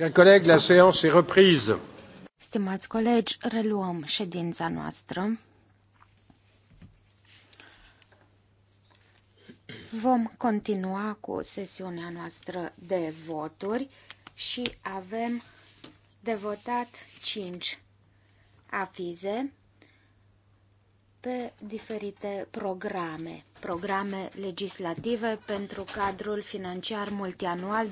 Chers collègues, la séance est reprise. Stimați colegi, reluăm ședința noastră. Vom continua cu sesiunea noastră de voturi și avem de votat 5 avize pe diferite programe, programe legislative pentru cadrul financiar multianual 2021-2027.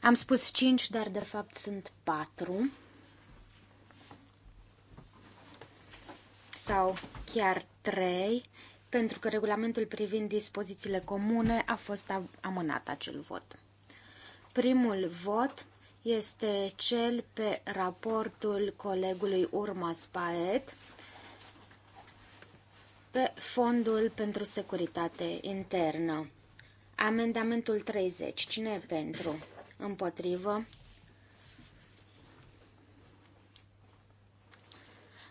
Am spus 5, dar de fapt sunt 4. Sau chiar 3, pentru că regulamentul privind dispozițiile comune a fost amânat acel vot. Primul vot este cel pe raportul colegului Urma Spaet pe Fondul pentru Securitate Internă. Amendamentul 30. Cine e pentru? Împotrivă?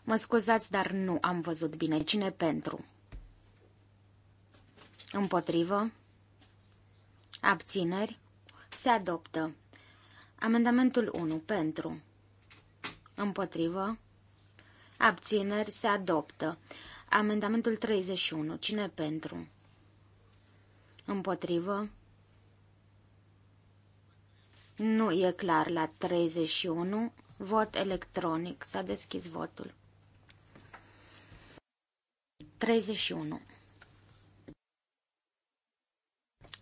Mă scuzați, dar nu am văzut bine. Cine pentru? Împotrivă? Abțineri? Se adoptă. Amendamentul 1. Pentru. Împotrivă. Abțineri. Se adoptă. Amendamentul 31. Cine pentru? Împotrivă. Nu e clar la 31. Vot electronic. S-a deschis votul. 31.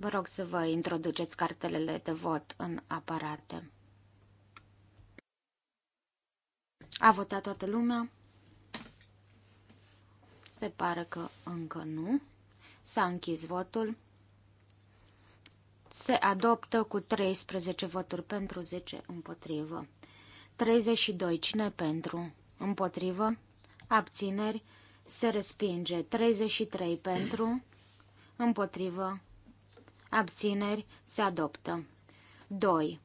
Vă rog să vă introduceți cartelele de vot în aparate. A votat toată lumea? Se pare că încă nu. S-a închis votul. Se adoptă cu 13 voturi pentru 10 împotrivă. 32. Cine pentru? Împotrivă? Abțineri? Se respinge. 33 pentru? Împotrivă? Abțineri se adoptă. 2.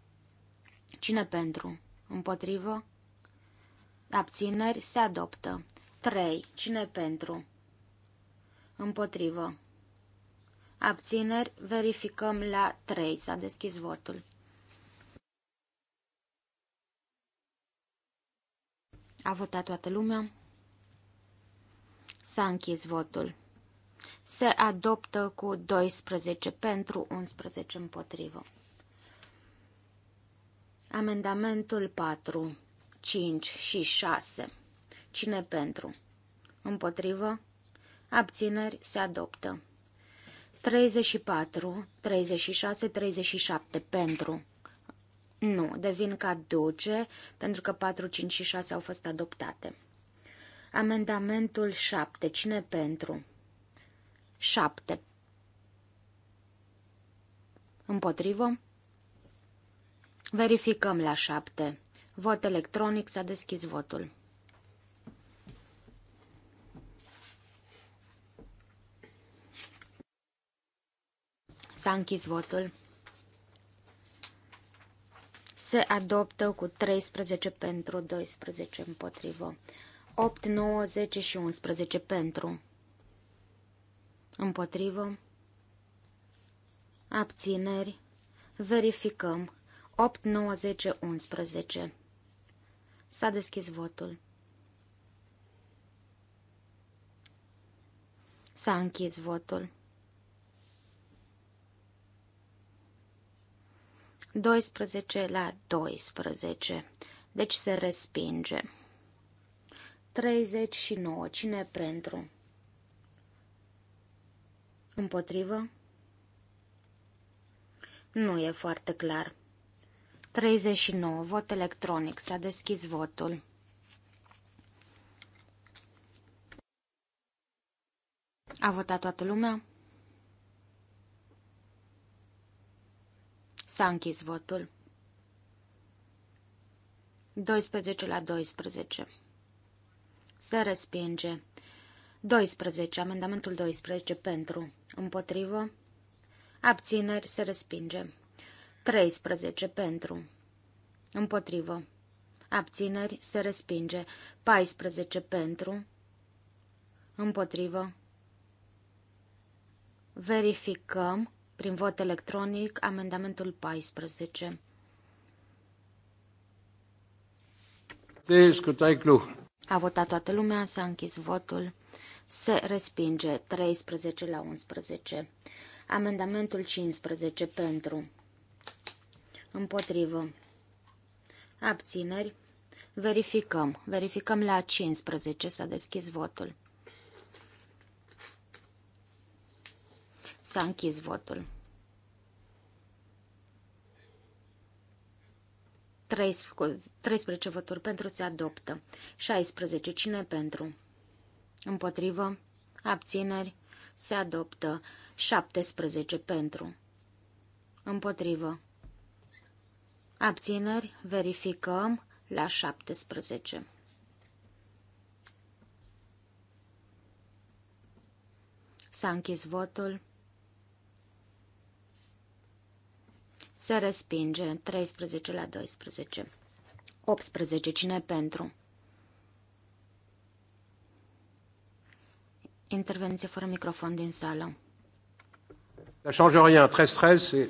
Cine pentru? Împotrivă? Abțineri se adoptă. 3. Cine pentru? Împotrivă. Abțineri verificăm la 3. S-a deschis votul. A votat toată lumea? S-a închis votul. Se adoptă cu 12 pentru, 11 împotrivă. Amendamentul 4, 5 și 6. Cine pentru? Împotrivă? Abțineri se adoptă. 34, 36, 37 pentru. Nu, devin caduce pentru că 4, 5 și 6 au fost adoptate. Amendamentul 7. Cine pentru? 7. Împotrivă? Verificăm la 7. Vot electronic s-a deschis votul. S-a închis votul. Se adoptă cu 13 pentru, 12 împotrivă. 8, 9, 10 și 11 pentru împotrivă, abțineri, verificăm, 8, 9, 10, 11. S-a deschis votul. S-a închis votul. 12 la 12. Deci se respinge. 39. Cine pentru? Împotrivă? Nu e foarte clar. 39. Vot electronic. S-a deschis votul. A votat toată lumea? S-a închis votul. 12 la 12. Se respinge. 12. Amendamentul 12. Pentru. Împotrivă. Abțineri. Se respinge. 13. Pentru. Împotrivă. Abțineri. Se respinge. 14. Pentru. Împotrivă. Verificăm prin vot electronic amendamentul 14. A votat toată lumea, s-a închis votul. Se respinge 13 la 11. Amendamentul 15 pentru. Împotrivă. Abțineri. Verificăm. Verificăm la 15. S-a deschis votul. S-a închis votul. 13 voturi pentru se adoptă. 16. Cine pentru? Împotrivă. Abțineri. Se adoptă. 17 pentru. Împotrivă. Abțineri. Verificăm la 17. S-a închis votul. Se respinge 13 la 12. 18. Cine pentru? Intervenție fără microfon din sală. La change rien, 13-13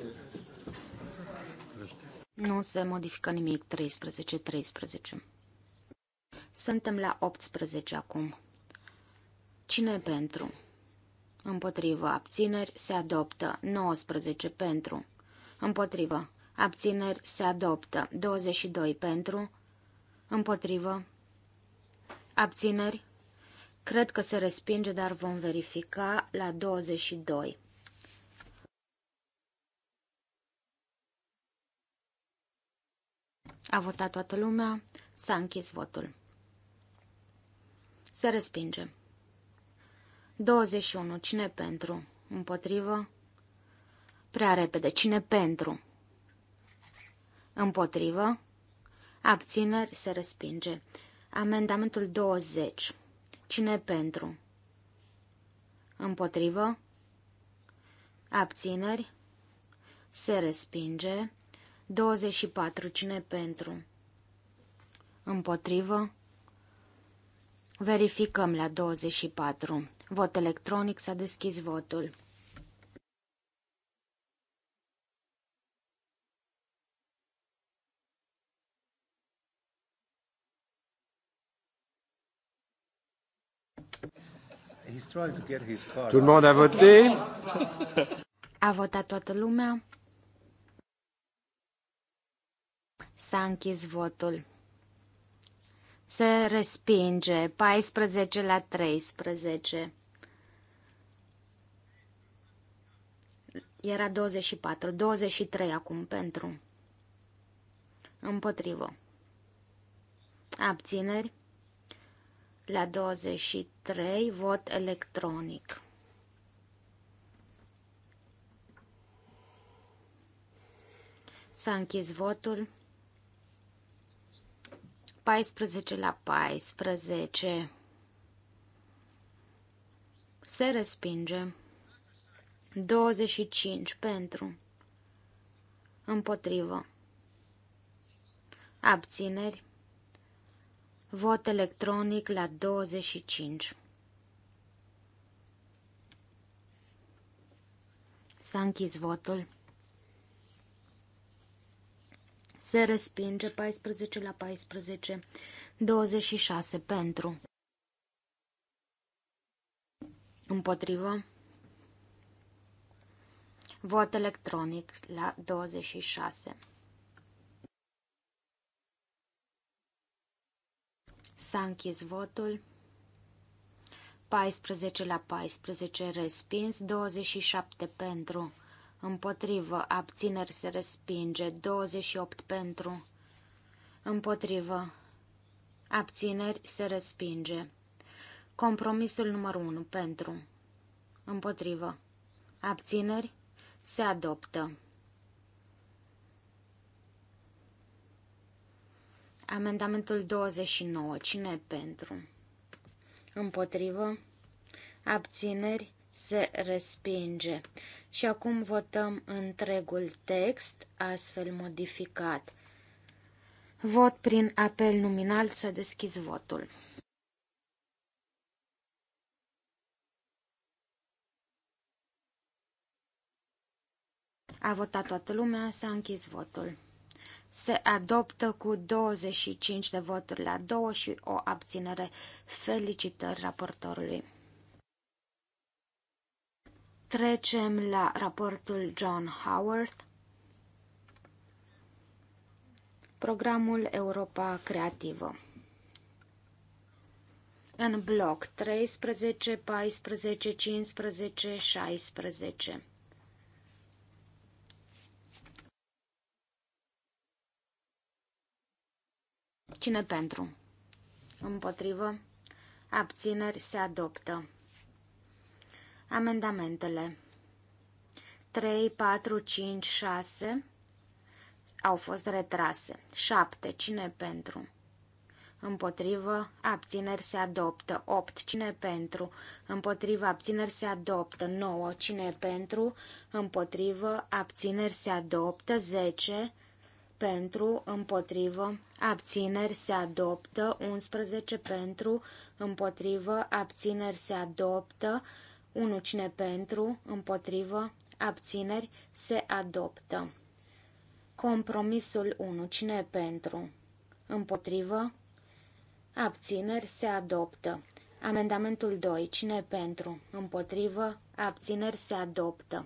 Nu se modifică nimic, 13-13. Suntem la 18 acum. Cine e pentru? Împotrivă, abțineri, se adoptă, 19 pentru. Împotrivă, abțineri, se adoptă, 22 pentru. Împotrivă, abțineri, Cred că se respinge, dar vom verifica la 22. A votat toată lumea, s-a închis votul. Se respinge. 21. Cine pentru? Împotrivă? Prea repede. Cine pentru? Împotrivă? Abțineri se respinge. Amendamentul 20. Cine pentru? Împotrivă? Abțineri? Se respinge. 24. Cine pentru? Împotrivă? Verificăm la 24. Vot electronic s-a deschis votul. He's trying to get Tout le monde a voté? A votat toată lumea? S-a închis votul. Se respinge 14 la 13. Era 24, 23 acum pentru. Împotrivă. Abțineri. La 23, vot electronic. S-a închis votul. 14 la 14. Se respinge. 25 pentru. Împotrivă. Abțineri. Vot electronic la 25. S-a închis votul. Se respinge 14 la 14, 26 pentru. Împotrivă. Vot electronic la 26. S-a închis votul. 14 la 14 respins, 27 pentru, împotrivă, abțineri se respinge, 28 pentru, împotrivă, abțineri se respinge. Compromisul numărul 1 pentru, împotrivă, abțineri se adoptă. Amendamentul 29. Cine pentru? Împotrivă. Abțineri se respinge. Și acum votăm întregul text astfel modificat. Vot prin apel nominal să deschizi votul. A votat toată lumea, s-a închis votul se adoptă cu 25 de voturi la 2 și o abținere. Felicitări raportorului! Trecem la raportul John Howard. Programul Europa Creativă. În bloc 13, 14, 15, 16. Cine pentru? Împotrivă. Abțineri se adoptă. Amendamentele 3, 4, 5, 6 au fost retrase. 7. Cine pentru? Împotrivă, abțineri se adoptă. 8. Cine pentru? Împotrivă, abțineri se adoptă. 9. Cine pentru? Împotrivă, abțineri se adoptă. 10 pentru, împotrivă, abțineri se adoptă, 11 pentru, împotrivă, abțineri se adoptă, 1 cine pentru, împotrivă, abțineri se adoptă. Compromisul 1 cine pentru, împotrivă, abțineri se adoptă. Amendamentul 2 cine pentru, împotrivă, abțineri se adoptă.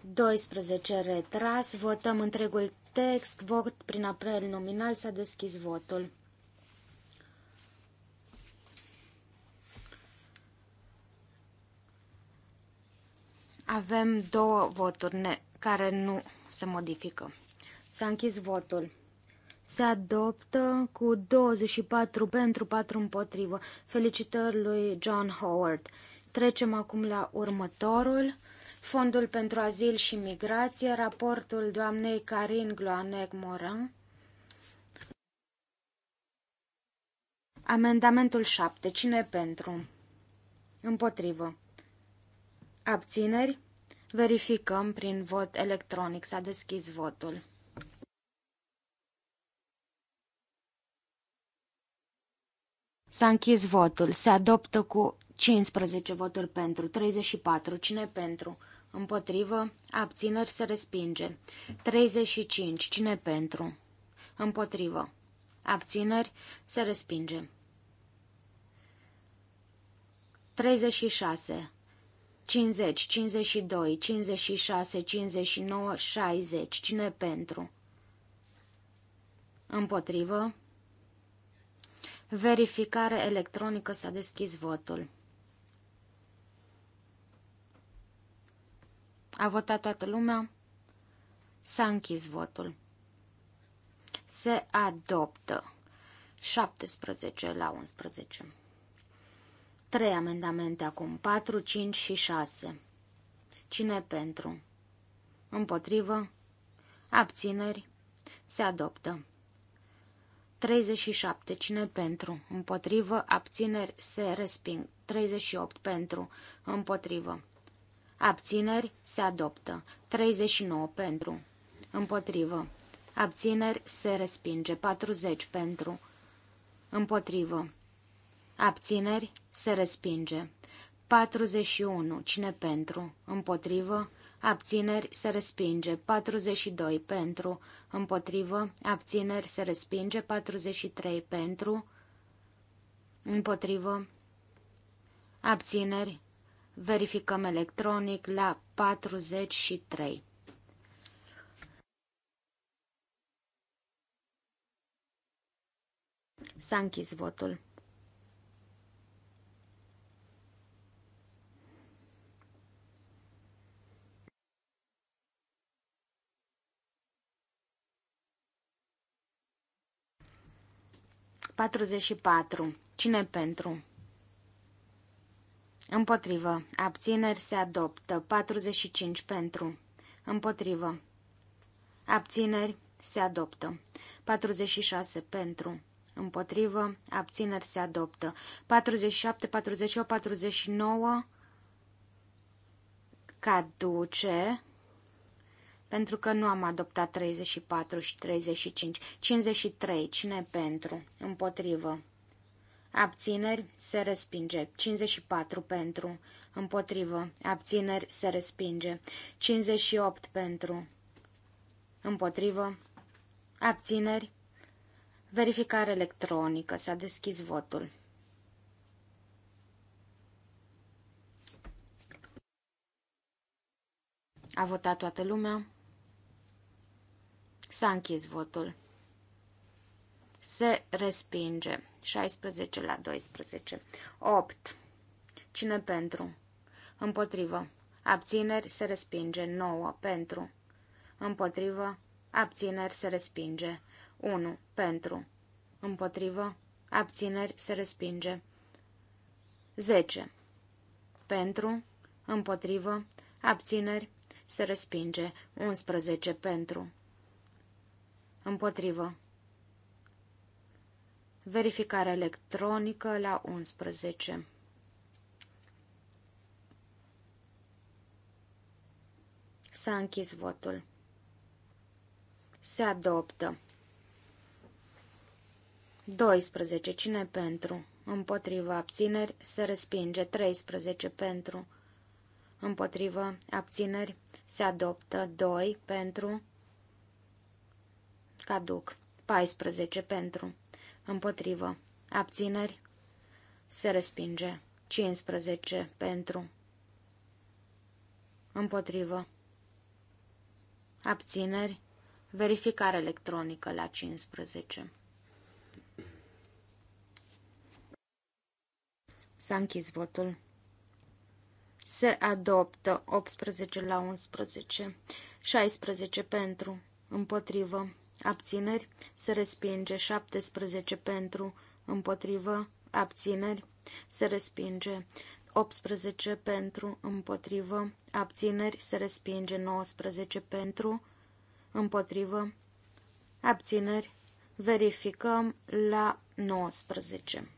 12 retras. Votăm întregul text. Vot prin apel nominal. S-a deschis votul. Avem două voturi care nu se modifică. S-a închis votul. Se adoptă cu 24 pentru 4 împotrivă. Felicitări lui John Howard. Trecem acum la următorul. Fondul pentru Azil și Migrație, raportul doamnei Karin Gloanec Morin. Amendamentul 7. Cine pentru? Împotrivă. Abțineri? Verificăm prin vot electronic. S-a deschis votul. S-a închis votul. Se adoptă cu 15 voturi pentru, 34. Cine pentru? Împotrivă. Abțineri se respinge. 35. Cine pentru? Împotrivă. Abțineri se respinge. 36. 50, 52, 56, 59, 60. Cine pentru? Împotrivă. Verificare electronică s-a deschis votul. A votat toată lumea? S-a închis votul. Se adoptă. 17 la 11. Trei amendamente acum. 4, 5 și 6. Cine pentru? Împotrivă? Abțineri? Se adoptă. 37. Cine pentru? Împotrivă? Abțineri? Se resping. 38. Pentru? Împotrivă? Abțineri se adoptă. 39 pentru. Împotrivă. Abțineri se respinge. 40 pentru. Împotrivă. Abțineri se respinge. 41. Cine pentru? Împotrivă. Abțineri se respinge. 42 pentru. Împotrivă. Abțineri se respinge. 43 pentru. Împotrivă. Abțineri Verificăm electronic la 43. S-a închis votul. Patruzeci și patru. Cine pentru? Împotrivă. Abțineri se adoptă. 45 pentru. Împotrivă. Abțineri se adoptă. 46 pentru. Împotrivă. Abțineri se adoptă. 47, 48, 49 caduce pentru că nu am adoptat 34 și 35. 53. Cine pentru? Împotrivă. Abțineri se respinge. 54 pentru. Împotrivă. Abțineri se respinge. 58 pentru. Împotrivă. Abțineri. Verificare electronică. S-a deschis votul. A votat toată lumea. S-a închis votul. Se respinge. 16 la 12. 8. Cine pentru? Împotrivă. Abțineri se respinge. 9. Pentru. Împotrivă. Abțineri se respinge. 1. Pentru. Împotrivă. Abțineri se respinge. 10. Pentru. Împotrivă. Abțineri se respinge. 11. Pentru. Împotrivă. Verificare electronică la 11. S-a închis votul. Se adoptă. 12. Cine pentru? Împotriva abțineri se respinge. 13 pentru. Împotriva abțineri se adoptă. 2 pentru. Caduc. 14 pentru împotrivă, abțineri, se respinge, 15 pentru, împotrivă, abțineri, verificare electronică la 15. S-a închis votul. Se adoptă 18 la 11, 16 pentru, împotrivă, abțineri, se respinge 17 pentru, împotrivă, abțineri, se respinge 18 pentru, împotrivă, abțineri, se respinge 19 pentru, împotrivă, abțineri, verificăm la 19.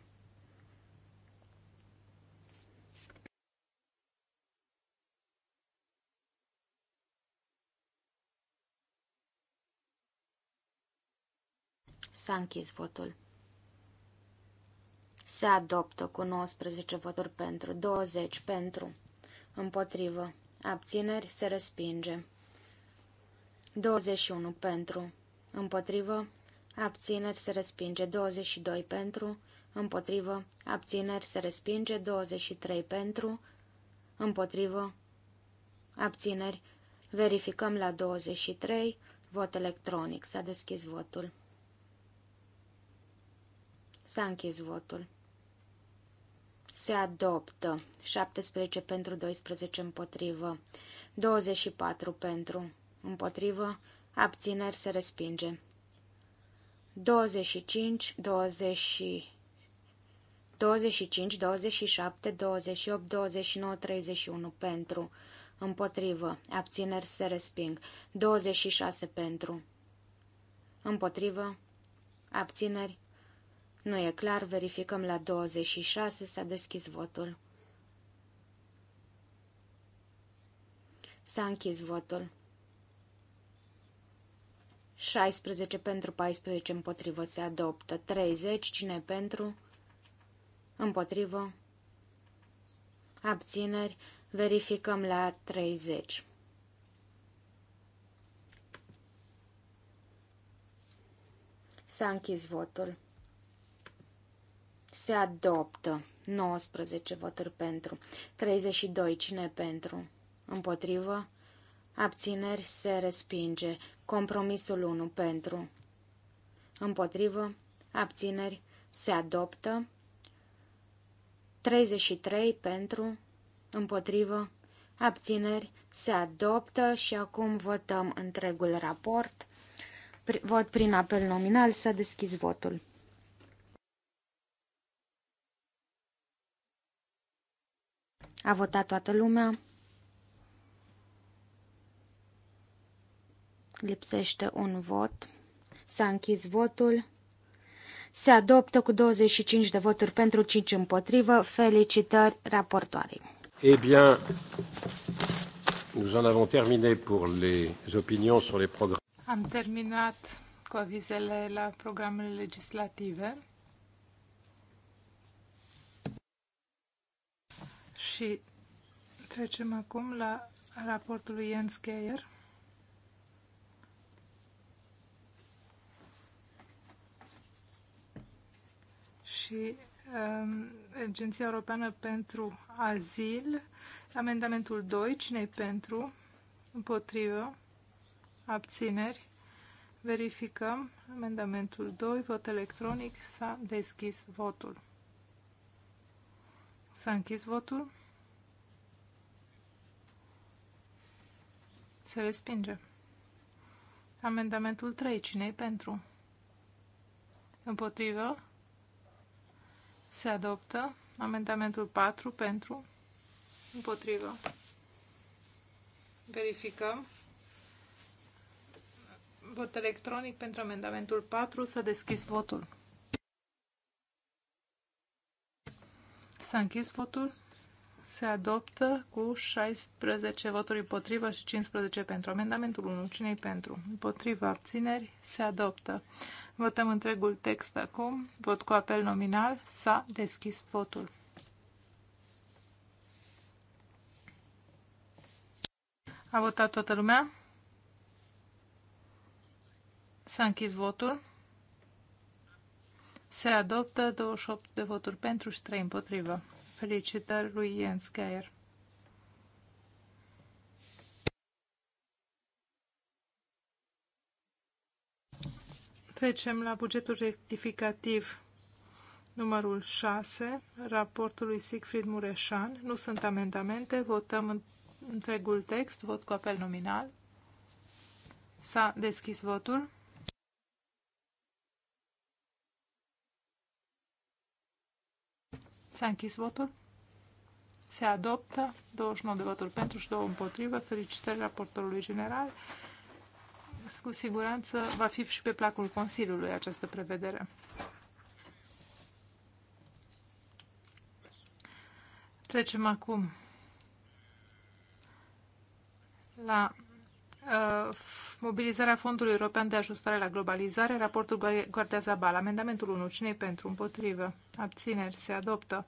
S-a închis votul. Se adoptă cu 19 voturi pentru, 20 pentru, împotrivă, abțineri, se respinge. 21 pentru, împotrivă, abțineri, se respinge. 22 pentru, împotrivă, abțineri, se respinge. 23 pentru, împotrivă, abțineri. Verificăm la 23, vot electronic, s-a deschis votul. S-a închis votul. Se adoptă. 17 pentru, 12 împotrivă. 24 pentru, împotrivă. Abțineri se respinge. 25, 20... 25, 27, 28, 29, 31 pentru. Împotrivă. Abțineri se resping. 26 pentru. Împotrivă. Abțineri nu e clar, verificăm la 26, s-a deschis votul. S-a închis votul. 16 pentru, 14 împotrivă se adoptă. 30, cine pentru? Împotrivă. Abțineri, verificăm la 30. S-a închis votul. Se adoptă. 19 voturi pentru. 32. Cine pentru? Împotrivă? Abțineri se respinge. Compromisul 1 pentru. Împotrivă? Abțineri se adoptă. 33 pentru. Împotrivă? Abțineri se adoptă și acum votăm întregul raport. Vot prin apel nominal să deschizi votul. A votat toată lumea. Lipsește un vot. S-a închis votul. Se adoptă cu 25 de voturi pentru 5 împotrivă. Felicitări raportoarei. Eh bien, nous en avons terminé pour les opinions sur les programmes. Am terminat cu avizele la programele legislative. Și trecem acum la raportul lui Jens Geier. Și um, Agenția Europeană pentru Azil, amendamentul 2, cine pentru, împotrivă, abțineri, verificăm amendamentul 2, vot electronic, s-a deschis votul. S-a închis votul. Se respinge. Amendamentul 3. cine pentru? Împotrivă. Se adoptă. Amendamentul 4 pentru. Împotrivă. Verificăm. Vot electronic pentru amendamentul 4. S-a deschis votul. S-a închis votul. Se adoptă cu 16 voturi împotrivă și 15 pentru. Amendamentul 1. Cine-i pentru? Împotrivă abțineri. Se adoptă. Votăm întregul text acum. Vot cu apel nominal. S-a deschis votul. A votat toată lumea? S-a închis votul. Se adoptă 28 de voturi pentru și 3 împotrivă. Felicitări lui Jens Geier. Trecem la bugetul rectificativ numărul 6, raportul lui Siegfried Mureșan. Nu sunt amendamente, votăm întregul text, vot cu apel nominal. S-a deschis votul. S-a închis votul. Se adoptă 29 de voturi pentru și 2 împotrivă. Felicitări raportorului general. Cu siguranță va fi și pe placul Consiliului această prevedere. Trecem acum la Uh, mobilizarea Fondului European de Ajustare la Globalizare, raportul Guardia Zabal, amendamentul 1, cine pentru, împotrivă, abțineri, se adoptă,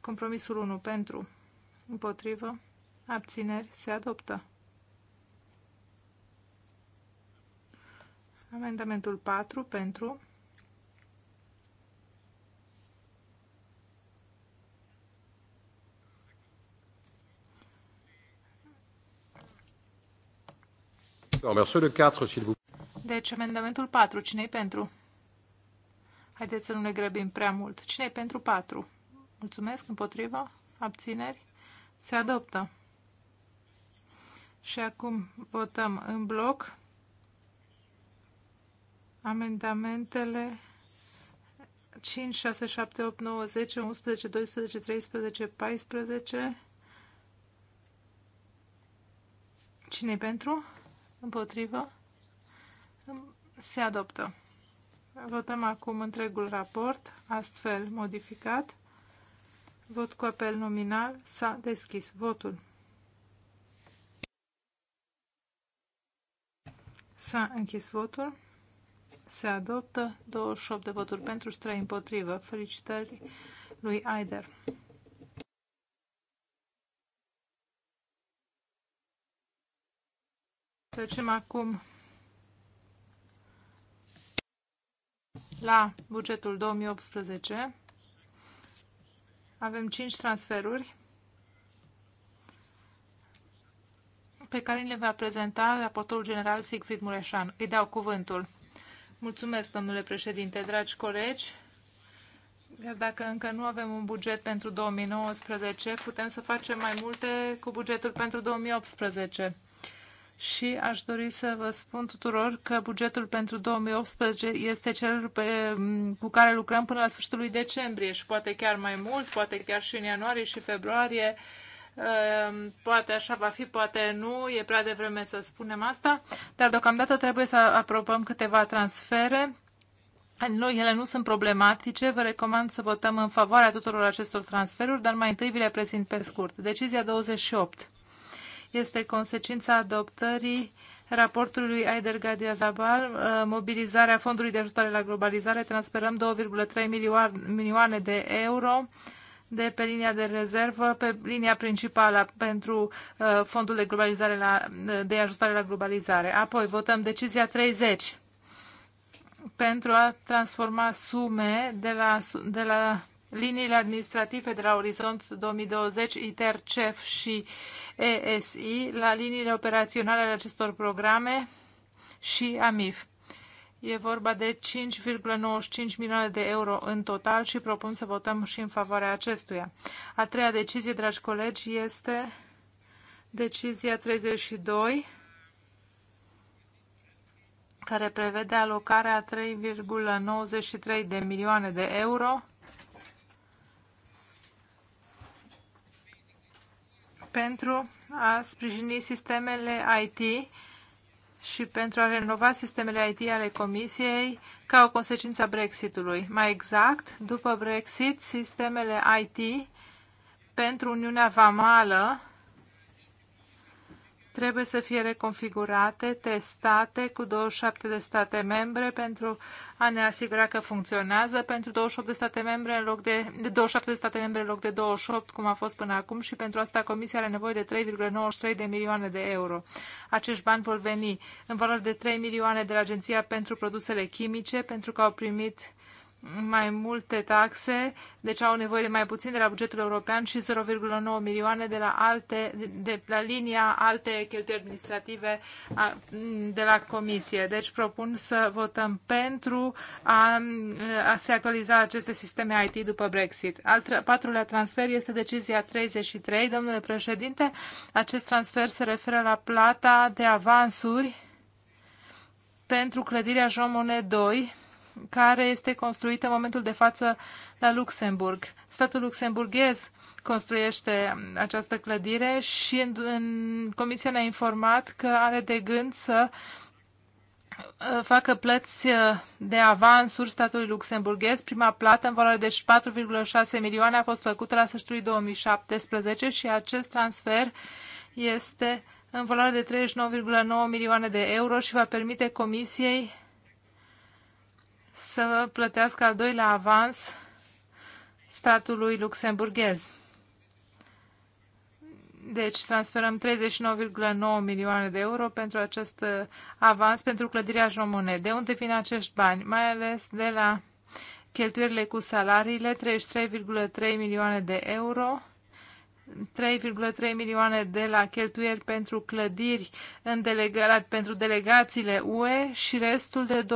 compromisul 1, pentru, împotrivă, abțineri, se adoptă. Amendamentul 4, pentru, Deci, amendamentul 4. Cine-i pentru? Haideți să nu ne grăbim prea mult. Cine-i pentru 4? Mulțumesc. Împotrivă? Abțineri? Se adoptă. Și acum votăm în bloc amendamentele 5, 6, 7, 8, 9, 10, 11, 12, 13, 14. Cine pentru? Împotrivă? Se adoptă. Votăm acum întregul raport, astfel modificat. Vot cu apel nominal. S-a deschis votul. S-a închis votul. Se adoptă 28 de voturi pentru și 3 împotrivă. Felicitări lui Aider. Trecem acum la bugetul 2018. Avem 5 transferuri pe care le va prezenta raportorul general Siegfried Mureșan. Îi dau cuvântul. Mulțumesc, domnule președinte, dragi colegi. Iar dacă încă nu avem un buget pentru 2019, putem să facem mai multe cu bugetul pentru 2018 și aș dori să vă spun tuturor că bugetul pentru 2018 este cel pe, cu care lucrăm până la sfârșitul lui decembrie și poate chiar mai mult, poate chiar și în ianuarie și februarie. Ehm, poate așa va fi, poate nu, e prea devreme să spunem asta, dar deocamdată trebuie să aprobăm câteva transfere. Nu, ele nu sunt problematice, vă recomand să votăm în favoarea tuturor acestor transferuri, dar mai întâi vi le prezint pe scurt. Decizia 28 este consecința adoptării raportului Aider Gadia Zabal, uh, mobilizarea Fondului de Ajustare la Globalizare, transferăm 2,3 milioane de euro de pe linia de rezervă, pe linia principală pentru uh, Fondul de, globalizare la, uh, de Ajustare la Globalizare. Apoi votăm decizia 30 pentru a transforma sume de la, de la liniile administrative de la Orizont 2020, ITER, CEF și ESI, la liniile operaționale ale acestor programe și AMIF. E vorba de 5,95 milioane de euro în total și propun să votăm și în favoarea acestuia. A treia decizie, dragi colegi, este decizia 32 care prevede alocarea 3,93 de milioane de euro pentru a sprijini sistemele IT și pentru a renova sistemele IT ale Comisiei ca o consecință a Brexitului. Mai exact, după Brexit, sistemele IT pentru Uniunea Vamală trebuie să fie reconfigurate, testate cu 27 de state membre pentru a ne asigura că funcționează pentru 28 de state membre în loc de, de 27 de state membre în loc de 28, cum a fost până acum și pentru asta Comisia are nevoie de 3,93 de milioane de euro. Acești bani vor veni în valoare de 3 milioane de la Agenția pentru Produsele Chimice pentru că au primit mai multe taxe, deci au nevoie de mai puțin de la bugetul european și 0,9 milioane de la alte, de, de la linia alte cheltuieli administrative a, de la comisie. Deci propun să votăm pentru a, a se actualiza aceste sisteme IT după Brexit. Al patrulea transfer este decizia 33. Domnule președinte, acest transfer se referă la plata de avansuri pentru clădirea Jomone 2 care este construită în momentul de față la Luxemburg. Statul luxemburghez construiește această clădire și în, în, Comisia ne-a informat că are de gând să uh, facă plăți uh, de avansuri statului luxemburghez. Prima plată în valoare de 4,6 milioane a fost făcută la sfârșitul 2017 și acest transfer este în valoare de 39,9 milioane de euro și va permite Comisiei să plătească al doilea avans statului luxemburghez. Deci transferăm 39,9 milioane de euro pentru acest uh, avans pentru clădirea Jomone. De unde vin acești bani? Mai ales de la cheltuierile cu salariile, 33,3 milioane de euro, 3,3 milioane de la cheltuieli pentru clădiri în delega, pentru delegațiile UE și restul de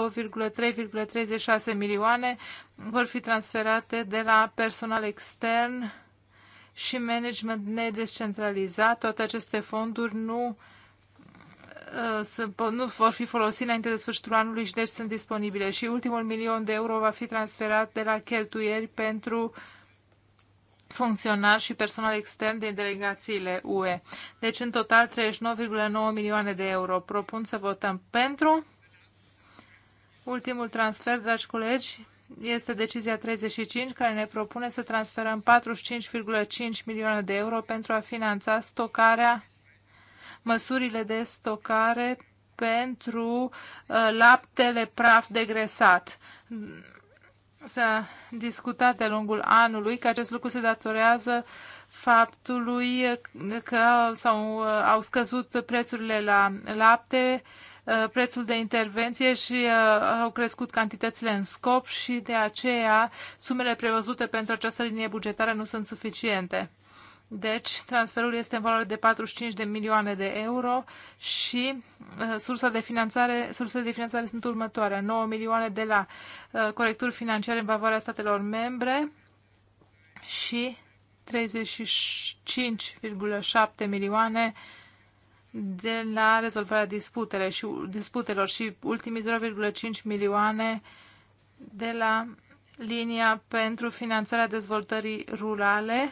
2,3,36 milioane vor fi transferate de la personal extern și management nedescentralizat. Toate aceste fonduri nu, uh, nu vor fi folosite înainte de sfârșitul anului și deci sunt disponibile. Și ultimul milion de euro va fi transferat de la cheltuieli pentru uh, funcționari și personal extern din delegațiile UE. Deci, în total, 39,9 milioane de euro. Propun să votăm pentru. Ultimul transfer, dragi colegi, este decizia 35, care ne propune să transferăm 45,5 milioane de euro pentru a finanța stocarea, măsurile de stocare pentru uh, laptele praf degresat s-a discutat de-a lungul anului că acest lucru se datorează faptului că s-au, au scăzut prețurile la lapte, uh, prețul de intervenție și uh, au crescut cantitățile în scop și de aceea sumele prevăzute pentru această linie bugetară nu sunt suficiente. Deci, transferul este în valoare de 45 de milioane de euro și uh, sursa de finanțare, sursele de finanțare sunt următoarea. 9 milioane de la uh, corecturi financiare în favoarea statelor membre și 35,7 milioane de la rezolvarea disputele și, disputelor și ultimii 0,5 milioane de la linia pentru finanțarea dezvoltării rurale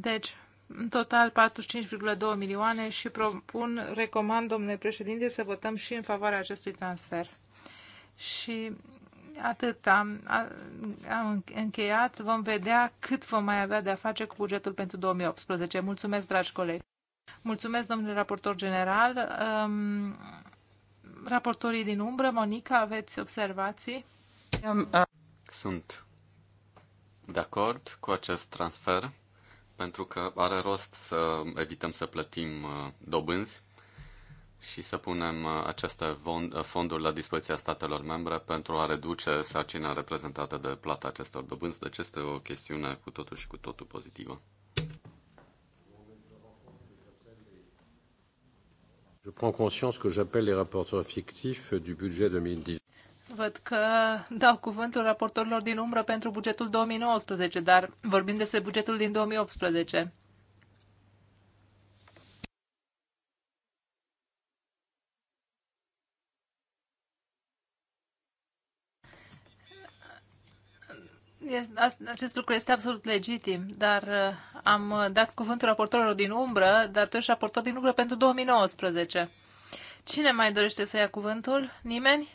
Deci, în total 45,2 milioane și propun, recomand, domnule președinte, să votăm și în favoarea acestui transfer. Și atât am, am încheiat. Vom vedea cât vom mai avea de-a face cu bugetul pentru 2018. Mulțumesc, dragi colegi! Mulțumesc, domnule raportor general. Um, raportorii din umbră, Monica, aveți observații? Sunt de acord cu acest transfer pentru că are rost să evităm să plătim uh, dobânzi și să punem uh, aceste uh, fonduri la dispoziția statelor membre pentru a reduce sarcina reprezentată de plata acestor dobânzi. Deci este o chestiune cu totul și cu totul pozitivă. Je prends conscience que j'appelle les rapporteurs fictifs du budget 2010. Văd că dau cuvântul raportorilor din umbră pentru bugetul 2019, dar vorbim despre bugetul din 2018. acest lucru este absolut legitim, dar uh, am uh, dat cuvântul raportorilor din umbră, dar tu ești raportor din umbră pentru 2019. Cine mai dorește să ia cuvântul? Nimeni?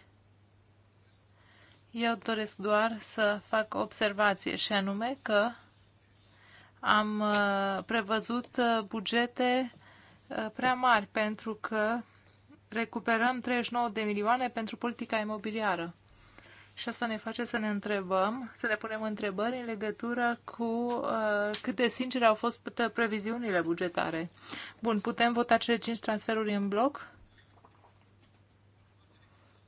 Eu doresc doar să fac observație și anume că am uh, prevăzut uh, bugete uh, prea mari pentru că recuperăm 39 de milioane pentru politica imobiliară. Și asta ne face să ne întrebăm, să ne punem întrebări în legătură cu uh, cât de sincere au fost previziunile bugetare. Bun, putem vota cele 5 transferuri în bloc?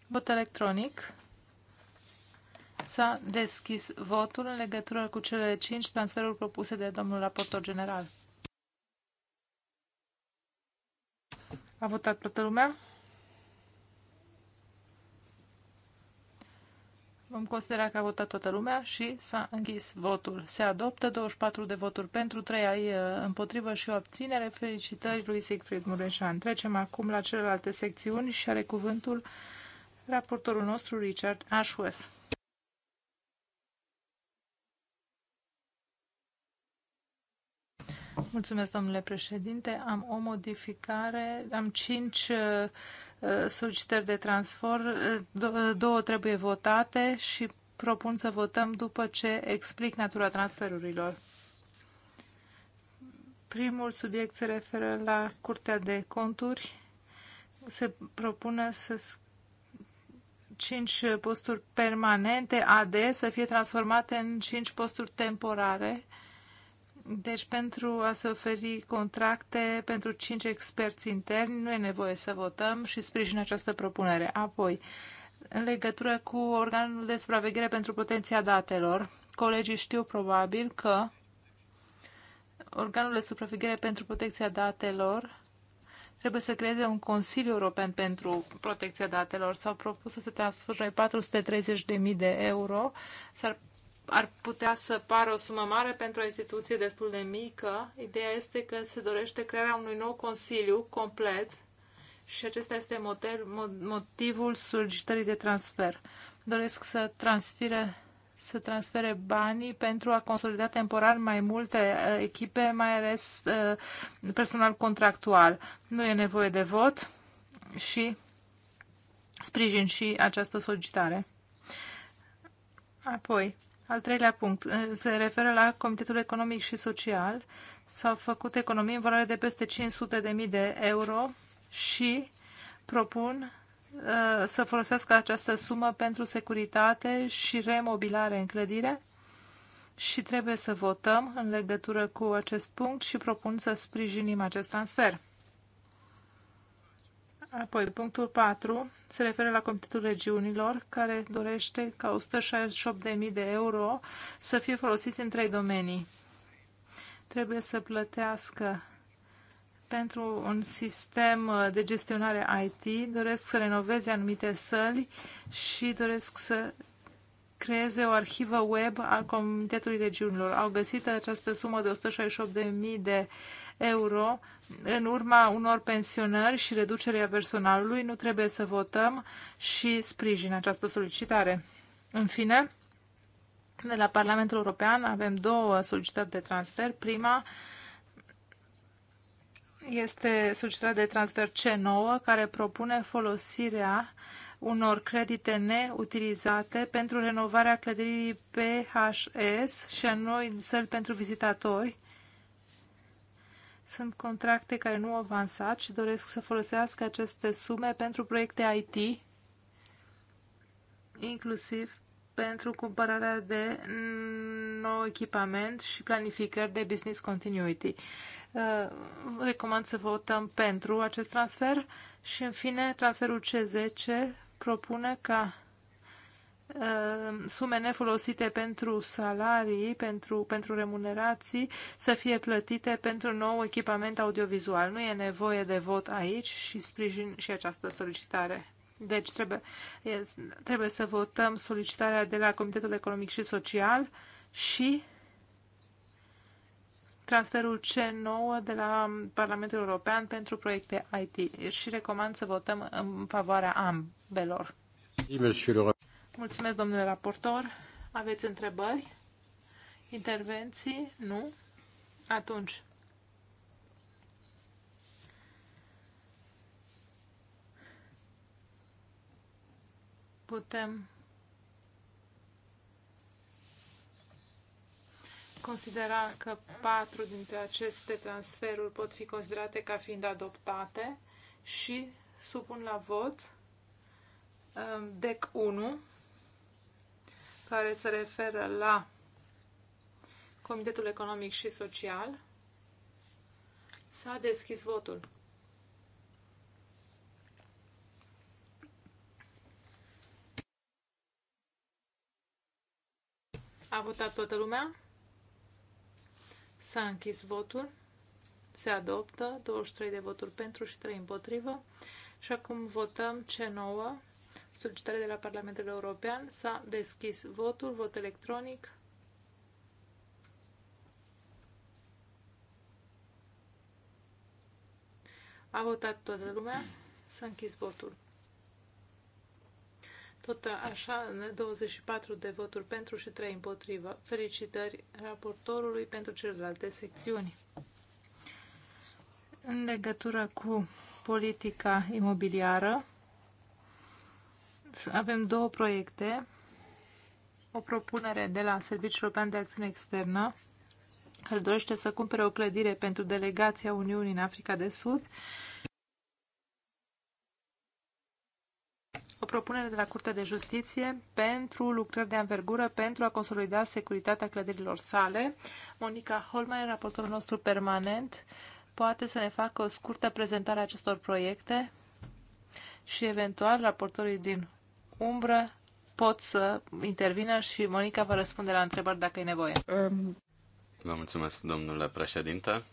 Vot electronic. S-a deschis votul în legătură cu cele cinci transferuri propuse de domnul raportor general. A votat toată lumea? Vom considera că a votat toată lumea și s-a închis votul. Se adoptă 24 de voturi pentru, 3 ai uh, împotrivă și o abținere. Felicitări lui Siegfried Mureșan. Trecem acum la celelalte secțiuni și are cuvântul raportorul nostru Richard Ashworth. Mulțumesc, domnule președinte. Am o modificare. Am cinci uh, uh, solicitări de transfer. Uh, două trebuie votate și propun să votăm după ce explic natura transferurilor. Primul subiect se referă la Curtea de Conturi. Se propune să cinci posturi permanente AD să fie transformate în cinci posturi temporare deci pentru a se oferi contracte pentru cinci experți interni nu e nevoie să votăm și sprijin această propunere. Apoi, în legătură cu organul de supraveghere pentru protecția datelor, colegii știu probabil că organul de supraveghere pentru protecția datelor trebuie să creeze un Consiliu European pentru protecția datelor. S-au propus să se transforme 430.000 de euro. S-ar ar putea să pară o sumă mare pentru o instituție destul de mică. Ideea este că se dorește crearea unui nou consiliu complet și acesta este motel, motivul solicitării de transfer. Doresc să transfere să transfere banii pentru a consolida temporar mai multe uh, echipe, mai ales uh, personal contractual. Nu e nevoie de vot și sprijin și această solicitare. Apoi, al treilea punct eh, se referă la Comitetul Economic și Social. S-au făcut economii în valoare de peste 500.000 de euro și propun uh, să folosească această sumă pentru securitate și remobilare în clădire și trebuie să votăm în legătură cu acest punct și propun să sprijinim acest transfer. Apoi, punctul 4 se referă la Comitetul Regiunilor, care dorește ca 168.000 de euro să fie folosiți în trei domenii. Trebuie să plătească pentru un sistem de gestionare IT, doresc să renoveze anumite săli și doresc să creeze o arhivă web al Comitetului Regiunilor. Au găsit această sumă de 168.000 de euro în urma unor pensionări și reducerea personalului. Nu trebuie să votăm și sprijin această solicitare. În fine, de la Parlamentul European avem două solicitări de transfer. Prima este solicitarea de transfer C9, care propune folosirea unor credite neutilizate pentru renovarea clădirii PHS și a noi săli pentru vizitatori sunt contracte care nu au avansat și doresc să folosească aceste sume pentru proiecte IT, inclusiv pentru cumpărarea de nou echipament și planificări de business continuity. Uh, recomand să votăm pentru acest transfer și, în fine, transferul C10 propune ca Uh, sume nefolosite pentru salarii, pentru, pentru remunerații, să fie plătite pentru nou echipament audiovizual. Nu e nevoie de vot aici și sprijin și această solicitare. Deci trebuie, trebuie să votăm solicitarea de la Comitetul Economic și Social și transferul C9 de la Parlamentul European pentru proiecte IT și recomand să votăm în favoarea ambelor. Mulțumesc, domnule raportor. Aveți întrebări? Intervenții? Nu? Atunci. Putem considera că patru dintre aceste transferuri pot fi considerate ca fiind adoptate și supun la vot um, DEC 1 care se referă la Comitetul Economic și Social. S-a deschis votul. A votat toată lumea? S-a închis votul. Se adoptă 23 de voturi pentru și 3 împotrivă. Și acum votăm C9 solicitare de la Parlamentul European. S-a deschis votul, vot electronic. A votat toată lumea, s-a închis votul. Tot așa, 24 de voturi pentru și 3 împotrivă. Felicitări raportorului pentru celelalte secțiuni. În legătură cu politica imobiliară, avem două proiecte. O propunere de la Serviciul European de Acțiune Externă, care dorește să cumpere o clădire pentru delegația Uniunii în Africa de Sud. O propunere de la Curtea de Justiție pentru lucrări de anvergură pentru a consolida securitatea clădirilor sale. Monica Holmeier, raportorul nostru permanent, poate să ne facă o scurtă prezentare a acestor proiecte și eventual raportorii din umbră pot să intervină și Monica vă răspunde la întrebări dacă e nevoie. Um. Vă mulțumesc, domnule președinte.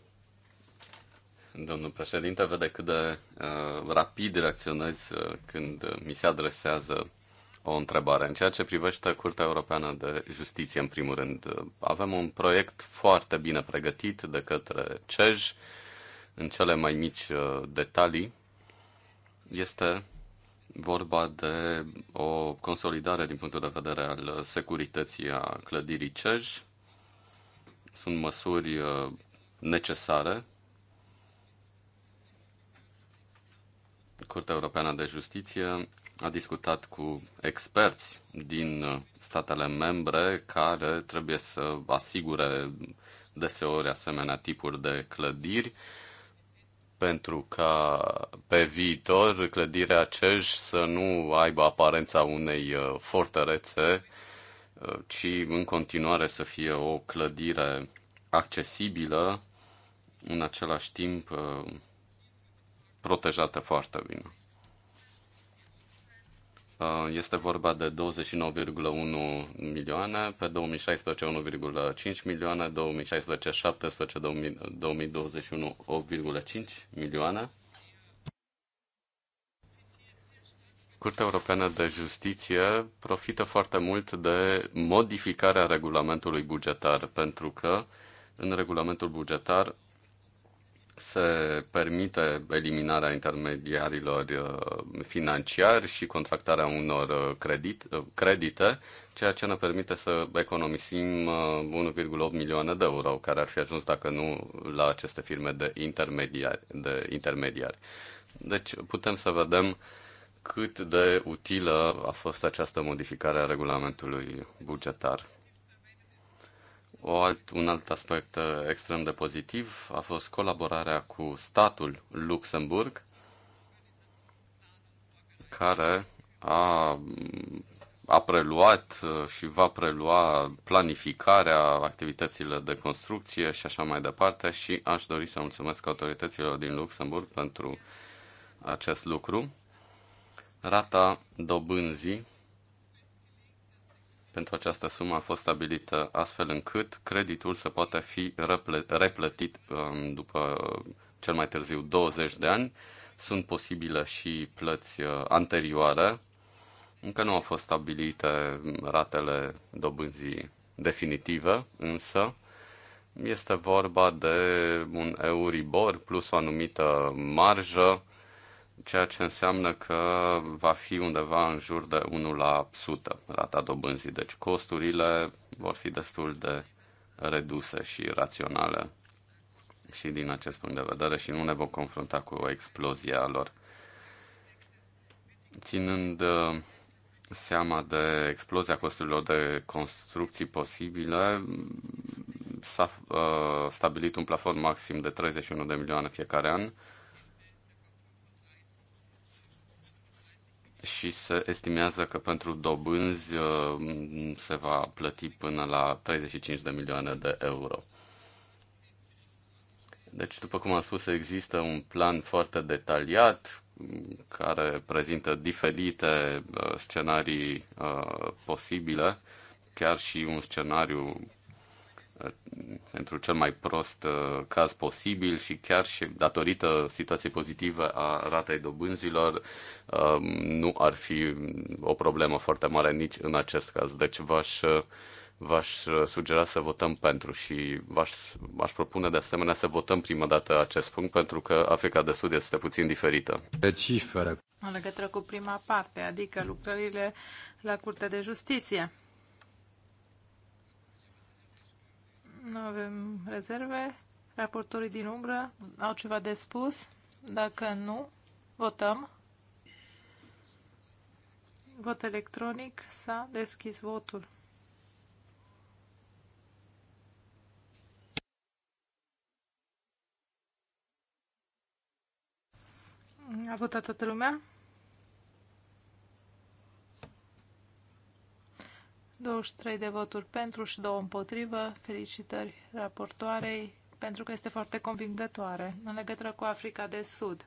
Domnul președinte, vede cât de uh, rapid reacționez uh, când mi se adresează o întrebare. În ceea ce privește Curtea Europeană de Justiție, în primul rând, uh, avem un proiect foarte bine pregătit de către CEJ în cele mai mici uh, detalii. Este vorba de o consolidare din punctul de vedere al securității a clădirii CEJ. Sunt măsuri uh, necesare. Curtea Europeană de Justiție a discutat cu experți din uh, statele membre care trebuie să asigure deseori asemenea tipuri de clădiri pentru ca pe viitor clădirea CEJ să nu aibă aparența unei uh, fortărețe, uh, ci în continuare să fie o clădire accesibilă, în același timp uh, protejată foarte bine. Uh, este vorba de 29,1 milioane, pe 2016 1,5 milioane, 2016 17, 2021 8,5 milioane. Curtea Europeană de Justiție profită foarte mult de modificarea regulamentului bugetar, pentru că în regulamentul bugetar se permite eliminarea intermediarilor uh, financiari și contractarea unor uh, credit, uh, credite, ceea ce ne permite să economisim 1,8 milioane de euro care ar fi ajuns, dacă nu, la aceste firme de intermediari. De intermediari. Deci putem să vedem cât de utilă a fost această modificare a regulamentului bugetar. O alt, un alt aspect uh, extrem de pozitiv a fost colaborarea cu statul Luxemburg, care a, a preluat uh, și va prelua planificarea, activităților de construcție și așa mai departe și aș dori să mulțumesc autorităților din Luxemburg pentru acest lucru. Rata dobânzii pentru această sumă a fost stabilită astfel încât creditul să poată fi replătit um, după cel mai târziu 20 de ani. Sunt posibile și plăți uh, anterioare. Încă nu au fost stabilite um, ratele dobânzii definitive, însă este vorba de un Euribor plus o anumită marjă ceea ce înseamnă că va fi undeva în jur de 1 la 100 rata dobânzii. Deci costurile vor fi destul de reduse și raționale și din acest punct de vedere și nu ne vom confrunta cu o explozie a lor. Ținând uh, seama de explozia costurilor de construcții posibile, s-a uh, stabilit un plafon maxim de 31 de milioane fiecare an, și se estimează că pentru dobânzi uh, se va plăti până la 35 de milioane de euro. Deci, după cum am spus, există un plan foarte detaliat mm, care prezintă diferite uh, scenarii uh, posibile, chiar și un scenariu pentru cel mai prost uh, caz posibil și chiar și datorită situației pozitive a ratei dobânzilor um, nu ar fi o problemă foarte mare nici în acest caz. Deci v-aș, uh, v-aș uh, sugera să votăm pentru și v-aș, v-aș propune de asemenea să votăm prima dată acest punct pentru că Africa de Sud este puțin diferită. Pe cifre. În legătură cu prima parte, adică lucrările la Curtea de Justiție. Nu avem rezerve. Raportorii din umbră au ceva de spus? Dacă nu, votăm. Vot electronic. S-a deschis votul. A votat toată lumea? 23 de voturi pentru și 2 împotrivă. Felicitări raportoarei pentru că este foarte convingătoare în legătură cu Africa de Sud.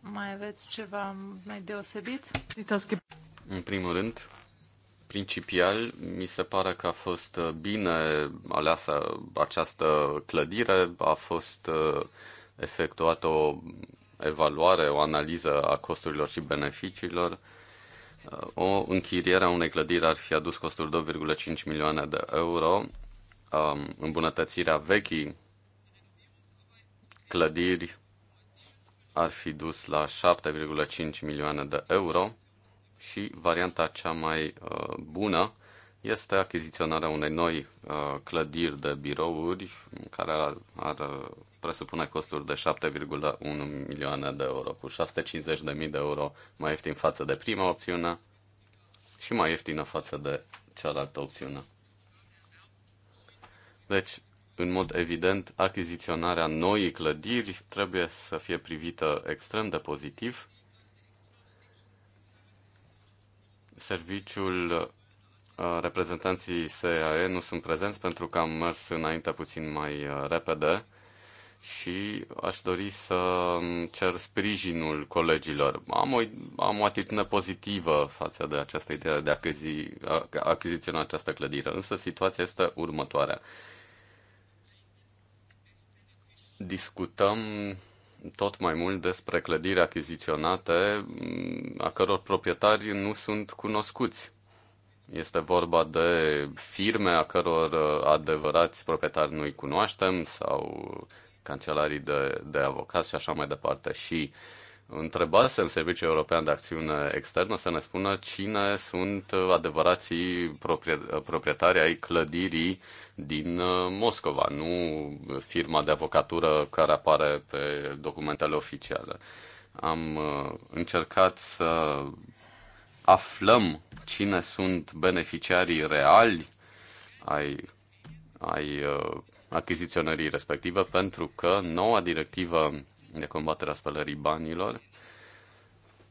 Mai aveți ceva mai deosebit? În primul rând, principial, mi se pare că a fost uh, bine aleasă această clădire, a fost uh, efectuată o evaluare, o analiză a costurilor și beneficiilor o închiriere a unei clădiri ar fi adus costul 2,5 milioane de euro, um, îmbunătățirea vechii clădiri ar fi dus la 7,5 milioane de euro și varianta cea mai uh, bună este achiziționarea unei noi uh, clădiri de birouri care ar, ar uh, presupune costuri de 7,1 milioane de euro, cu 650.000 de euro mai ieftin față de prima opțiune și mai ieftină față de cealaltă opțiune. Deci, în mod evident, achiziționarea noii clădiri trebuie să fie privită extrem de pozitiv. Serviciul Uh, reprezentanții SAE nu sunt prezenți pentru că am mers înainte puțin mai uh, repede și aș dori să um, cer sprijinul colegilor. Am o, am o atitudine pozitivă față de această idee de a achizi, achiziționa această clădire, însă situația este următoarea. Discutăm tot mai mult despre clădiri achiziționate mm, a căror proprietari nu sunt cunoscuți. Este vorba de firme a căror uh, adevărați proprietari nu-i cunoaștem sau cancelarii de, de avocați și așa mai departe. Și întrebase în Serviciul European de Acțiune Externă să ne spună cine sunt uh, adevărații uh, proprietari ai clădirii din Moscova, nu firma de avocatură care apare pe documentele oficiale. Am încercat să aflăm cine sunt beneficiarii reali ai, ai uh, achiziționării respective, pentru că noua directivă de combatere a spălării banilor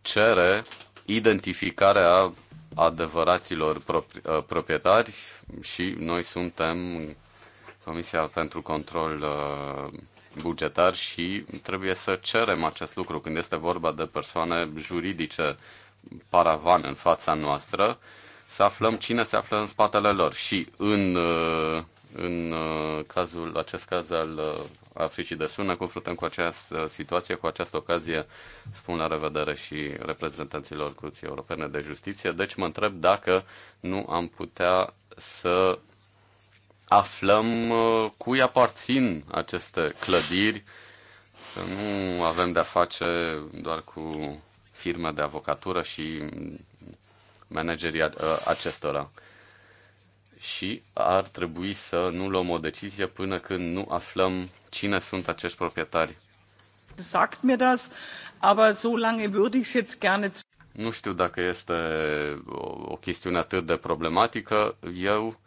cere identificarea adevăraților propri- uh, proprietari și noi suntem Comisia pentru Control uh, Bugetar și trebuie să cerem acest lucru când este vorba de persoane juridice paravan în fața noastră, să aflăm cine se află în spatele lor. Și în, uh, în uh, cazul, acest caz al uh, Africii de Sud ne confruntăm cu această situație, cu această ocazie spun la revedere și reprezentanților Curții Europene de Justiție. Deci mă întreb dacă nu am putea să aflăm cui aparțin aceste clădiri, să nu avem de-a face doar cu firme de avocatură și managerii acestora. Și ar trebui să nu luăm o decizie până când nu aflăm cine sunt acești proprietari. Sagt mir das, aber so lange würde ich jetzt gerne nu știu dacă este o chestiune atât de problematică. Eu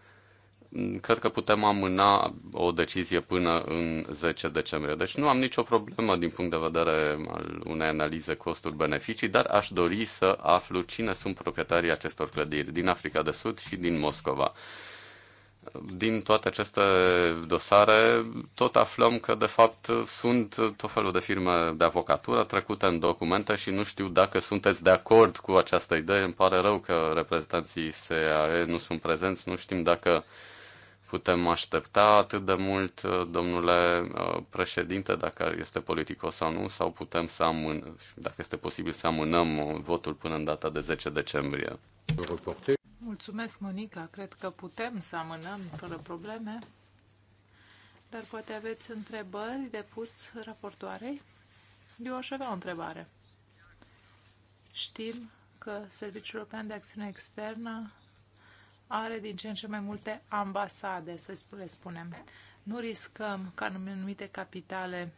cred că putem amâna o decizie până în 10 decembrie. Deci nu am nicio problemă din punct de vedere al unei analize costuri-beneficii, dar aș dori să aflu cine sunt proprietarii acestor clădiri din Africa de Sud și din Moscova. Din toate aceste dosare, tot aflăm că, de fapt, sunt tot felul de firme de avocatură trecute în documente și nu știu dacă sunteți de acord cu această idee. Îmi pare rău că reprezentanții SAE nu sunt prezenți, nu știm dacă uh, putem aștepta atât de mult, domnule uh, președinte, dacă este politicos sau nu, sau putem să amânăm, dacă este posibil să amânăm votul până în data de 10 decembrie. Mulțumesc, Monica. Cred că putem să amânăm fără probleme. Dar poate aveți întrebări de pus raportoarei? Eu aș avea o întrebare. Știm că Serviciul European de Acțiune Externă are din ce în ce mai multe ambasade, să le spunem. Nu riscăm ca în anumite capitale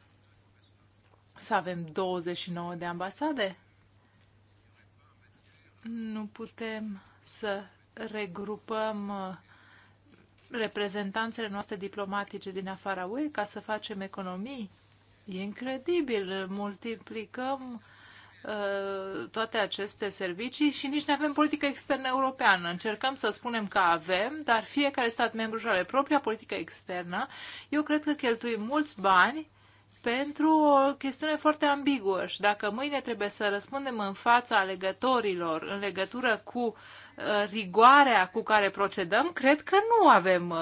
să avem 29 de ambasade? Nu putem să regrupăm uh, reprezentanțele noastre diplomatice din afara UE ca să facem economii? E incredibil. Multiplicăm Uh, toate aceste servicii și nici nu avem politică externă europeană. Încercăm să spunem că avem, dar fiecare stat membru și are propria politică externă. Eu cred că cheltuim mulți bani pentru o chestiune foarte ambiguă și dacă mâine trebuie să răspundem în fața alegătorilor în legătură cu uh, rigoarea cu care procedăm, cred că nu avem uh,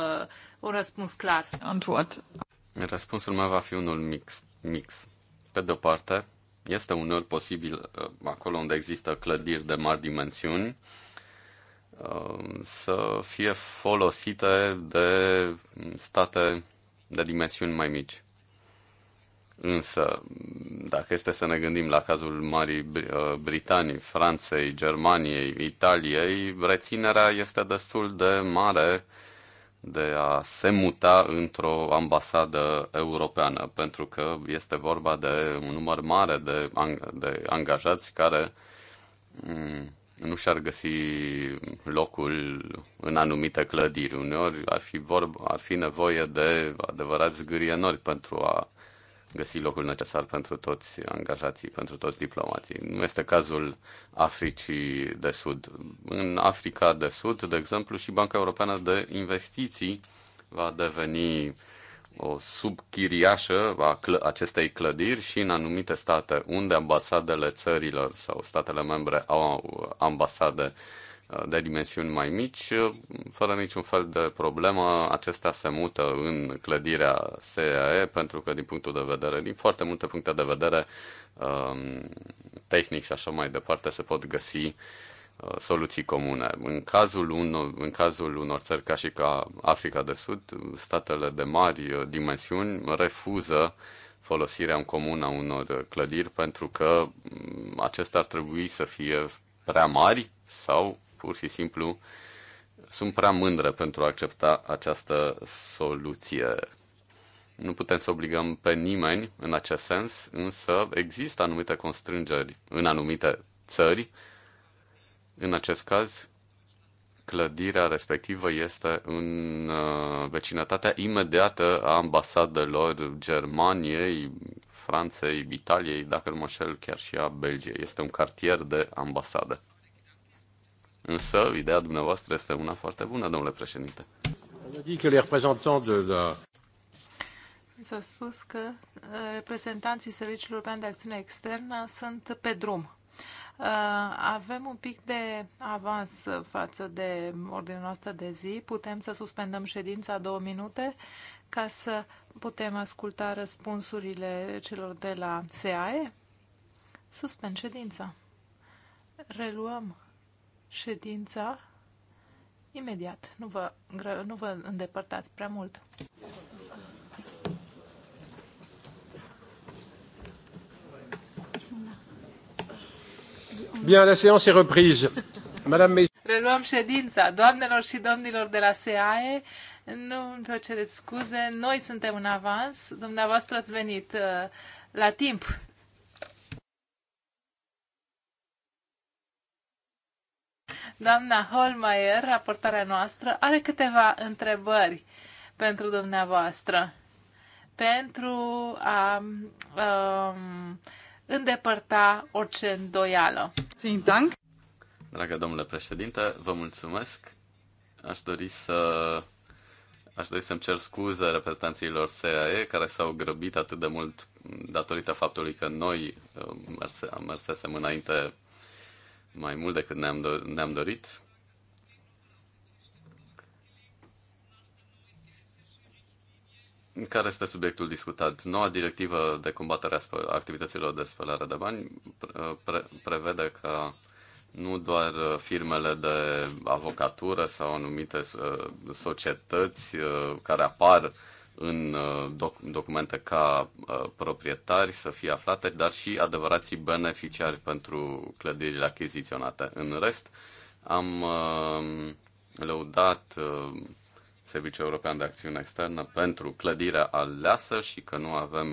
un răspuns clar. Antwort. Răspunsul meu va fi unul mix. mix. Pe de-o parte, este uneori posibil uh, acolo unde există clădiri de mari dimensiuni uh, să fie folosite de state de dimensiuni mai mici. Însă, dacă este să ne gândim la cazul Marii uh, Britanii, Franței, Germaniei, Italiei, reținerea este destul de mare uh, de a se muta într-o ambasadă europeană, pentru că este vorba de un număr mare de, de angajați care mm, nu și-ar găsi locul în anumite clădiri. Uneori ar fi, vorba, ar fi nevoie de adevărați gârienori pentru a găsi locul necesar pentru toți angajații, pentru toți diplomații. Nu este cazul Africii de Sud. În Africa de Sud, de exemplu, și Banca Europeană de Investiții va deveni o subchiriașă a cl- acestei clădiri și în anumite state unde ambasadele țărilor sau statele membre au ambasade uh, de dimensiuni mai mici, uh, fără niciun fel de problemă, acestea se mută în clădirea SAE, pentru că din punctul de vedere, din foarte multe puncte de vedere, um, tehnic și așa mai departe, se pot găsi uh, soluții comune. În cazul, unor, în cazul unor țări ca și ca Africa de Sud, statele de mari uh, dimensiuni refuză folosirea în comun a unor clădiri pentru că mm, acestea ar trebui să fie prea mari sau pur și simplu sunt prea mândre pentru a accepta această soluție. Nu putem să obligăm pe nimeni în acest sens, însă există anumite constrângeri în anumite țări. În acest caz, clădirea respectivă este în uh, vecinătatea imediată a ambasadelor Germaniei, Franței, Italiei, dacă nu mă șel, chiar și a Belgiei. Este un cartier de ambasade. Însă, ideea dumneavoastră este una foarte bună, domnule președinte. S-a spus că uh, reprezentanții Serviciului European de Acțiune Externă sunt pe drum. Uh, avem un pic de avans față de ordinea noastră de zi. Putem să suspendăm ședința două minute ca să putem asculta răspunsurile celor de la SEAE? Suspend ședința. Reluăm ședința imediat. Nu vă, nu vă îndepărtați prea mult. Bien, la séance est reprise. Madame Reluăm ședința. Doamnelor și domnilor de la SEAE, nu vă cereți scuze, noi suntem în avans, dumneavoastră ați venit uh, la timp Doamna Holmeier, raportarea noastră, are câteva întrebări pentru dumneavoastră pentru a um, îndepărta orice îndoială. Sintang. Dragă domnule președinte, vă mulțumesc. Aș dori să aș dori să-mi cer scuze reprezentanților SAE care s-au grăbit atât de mult datorită faptului că noi uh, mersesem înainte mai mult decât ne-am, do- ne-am dorit. Care este subiectul discutat? Noua directivă de combatere a activităților de spălare de bani pre- prevede că nu doar firmele de avocatură sau anumite uh, societăți uh, care apar în uh, doc- documente ca uh, proprietari să fie aflate, dar și adevărații beneficiari pentru clădirile achiziționate. În rest, am uh, lăudat Serviciul European de Acțiune Externă pentru clădirea aleasă și că nu avem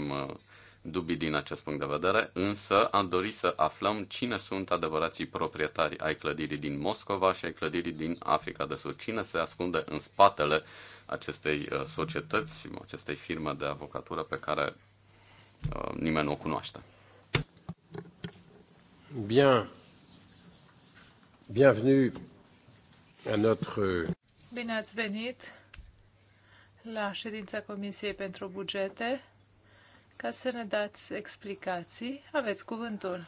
dubii din acest punct de vedere, însă am dorit să aflăm cine sunt adevărații proprietari ai clădirii din Moscova și ai clădirii din Africa de Sud. Cine se ascunde în spatele acestei uh, societăți, acestei firme de avocatură pe care uh, nimeni nu o cunoaște. Bien. Bienvenue à notre... Bine ați venit la ședința Comisiei pentru Bugete ca să ne dați explicații. Aveți cuvântul.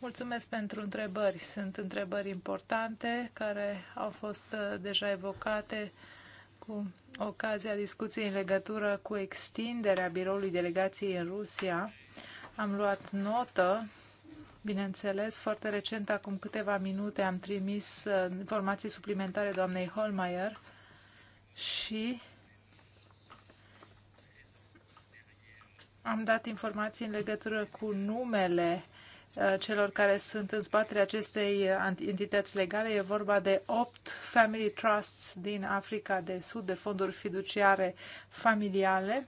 Mulțumesc pentru întrebări. Sunt întrebări importante care au fost uh, deja evocate cu ocazia discuției în legătură cu extinderea biroului delegației în Rusia. Am luat notă, bineînțeles, foarte recent, acum câteva minute, am trimis uh, informații suplimentare doamnei Holmeier și Am dat informații în legătură cu numele uh, celor care sunt în spatele acestei uh, entități legale. E vorba de 8 family trusts din Africa de Sud, de fonduri fiduciare familiale.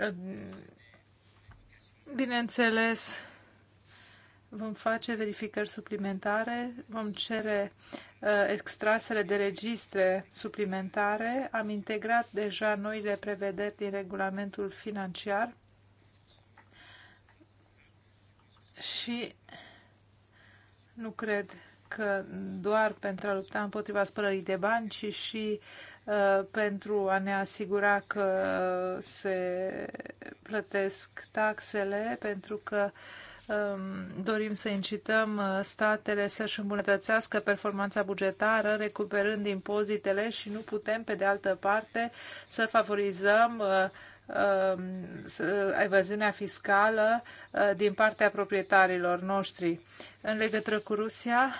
Uh, bineînțeles, vom face verificări suplimentare, vom cere extrasele de registre suplimentare. Am integrat deja noile prevederi din regulamentul financiar și nu cred că doar pentru a lupta împotriva spălării de bani, ci și uh, pentru a ne asigura că se plătesc taxele, pentru că um, dorim să incităm uh, statele să-și îmbunătățească performanța bugetară, recuperând impozitele și nu putem, pe de altă parte, să favorizăm uh, Um, uh, evaziunea fiscală uh, din partea proprietarilor noștri. În legătură cu Rusia,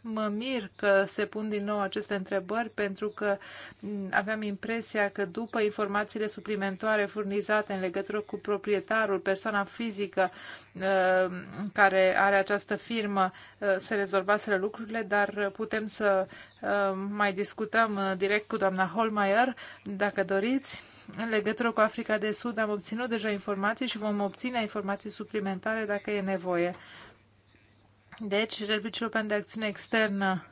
mă mir că se pun din nou aceste întrebări pentru că mm, aveam impresia că după informațiile suplimentare furnizate în legătură cu proprietarul, persoana fizică uh, care are această firmă, se rezolvaseră lucrurile, dar putem să mai discutăm direct cu doamna Holmeier, dacă doriți. În legătură cu Africa de Sud am obținut deja informații și vom obține informații suplimentare dacă e nevoie. Deci, Serviciul European de Acțiune Externă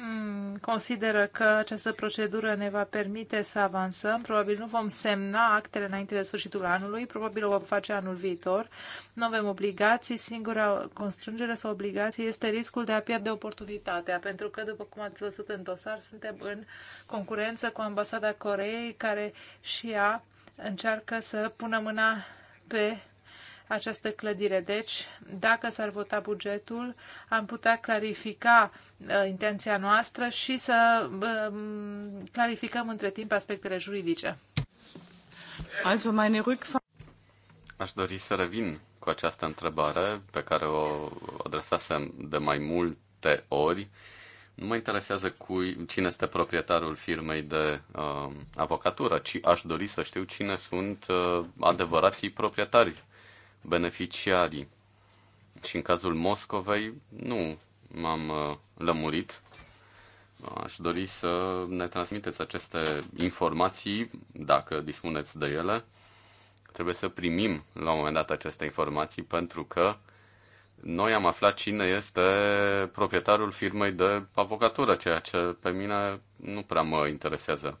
Mm, consideră că această procedură ne va permite să avansăm. Probabil nu vom semna actele înainte de sfârșitul anului, probabil o vom face anul viitor. Nu avem obligații, singura constrângere sau obligație este riscul de a pierde oportunitatea, pentru că, după cum ați văzut în dosar, suntem în concurență cu ambasada Coreei, care și ea încearcă să pună mâna pe această clădire. Deci, dacă s-ar vota bugetul, am putea clarifica uh, intenția noastră și să uh, clarificăm între timp aspectele juridice. Also meine Aș dori să revin cu această întrebare pe care o adresasem de mai multe ori. Nu mă interesează cui, cine este proprietarul firmei de uh, avocatură, ci aș dori să știu cine sunt uh, adevărații proprietari beneficiarii. Și în cazul Moscovei nu m-am uh, lămurit. Aș dori să ne transmiteți aceste informații, dacă dispuneți de ele. Trebuie să primim la un moment dat aceste informații, pentru că noi am aflat cine este proprietarul firmei de avocatură, ceea ce pe mine nu prea mă interesează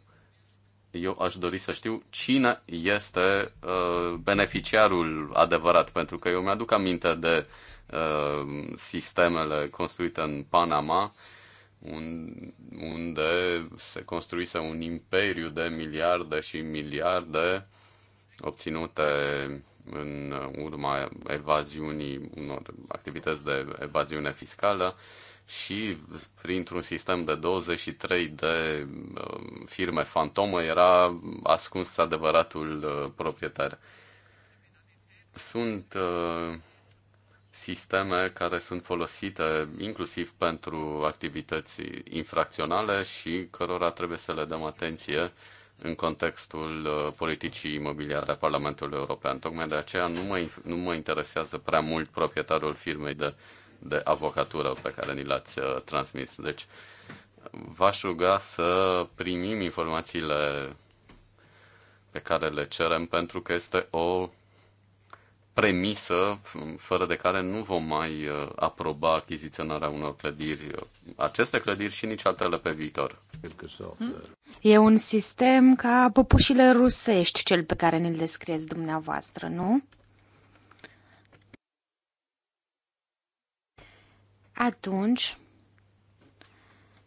eu aș dori să știu cine este uh, beneficiarul adevărat, pentru că eu mi-aduc aminte de uh, sistemele construite în Panama, unde se construise un imperiu de miliarde și miliarde obținute în urma evaziunii unor activități de evaziune fiscală. Uh, și printr-un sistem de 23 de um, firme fantomă era ascuns adevăratul uh, proprietar. Sunt uh, sisteme care sunt folosite inclusiv pentru activități infracționale și cărora trebuie să le dăm atenție în contextul uh, politicii imobiliare a Parlamentului European. Tocmai de aceea nu mă, nu mă interesează prea mult proprietarul firmei de de avocatură pe care ni l-ați uh, transmis. Deci, v-aș ruga să primim informațiile pe care le cerem, pentru că este o premisă fără de care nu vom mai uh, aproba achiziționarea unor clădiri, uh, aceste clădiri și nici altele pe viitor. Hmm? E un sistem ca păpușile rusești, cel pe care ne-l descrieți dumneavoastră, nu? atunci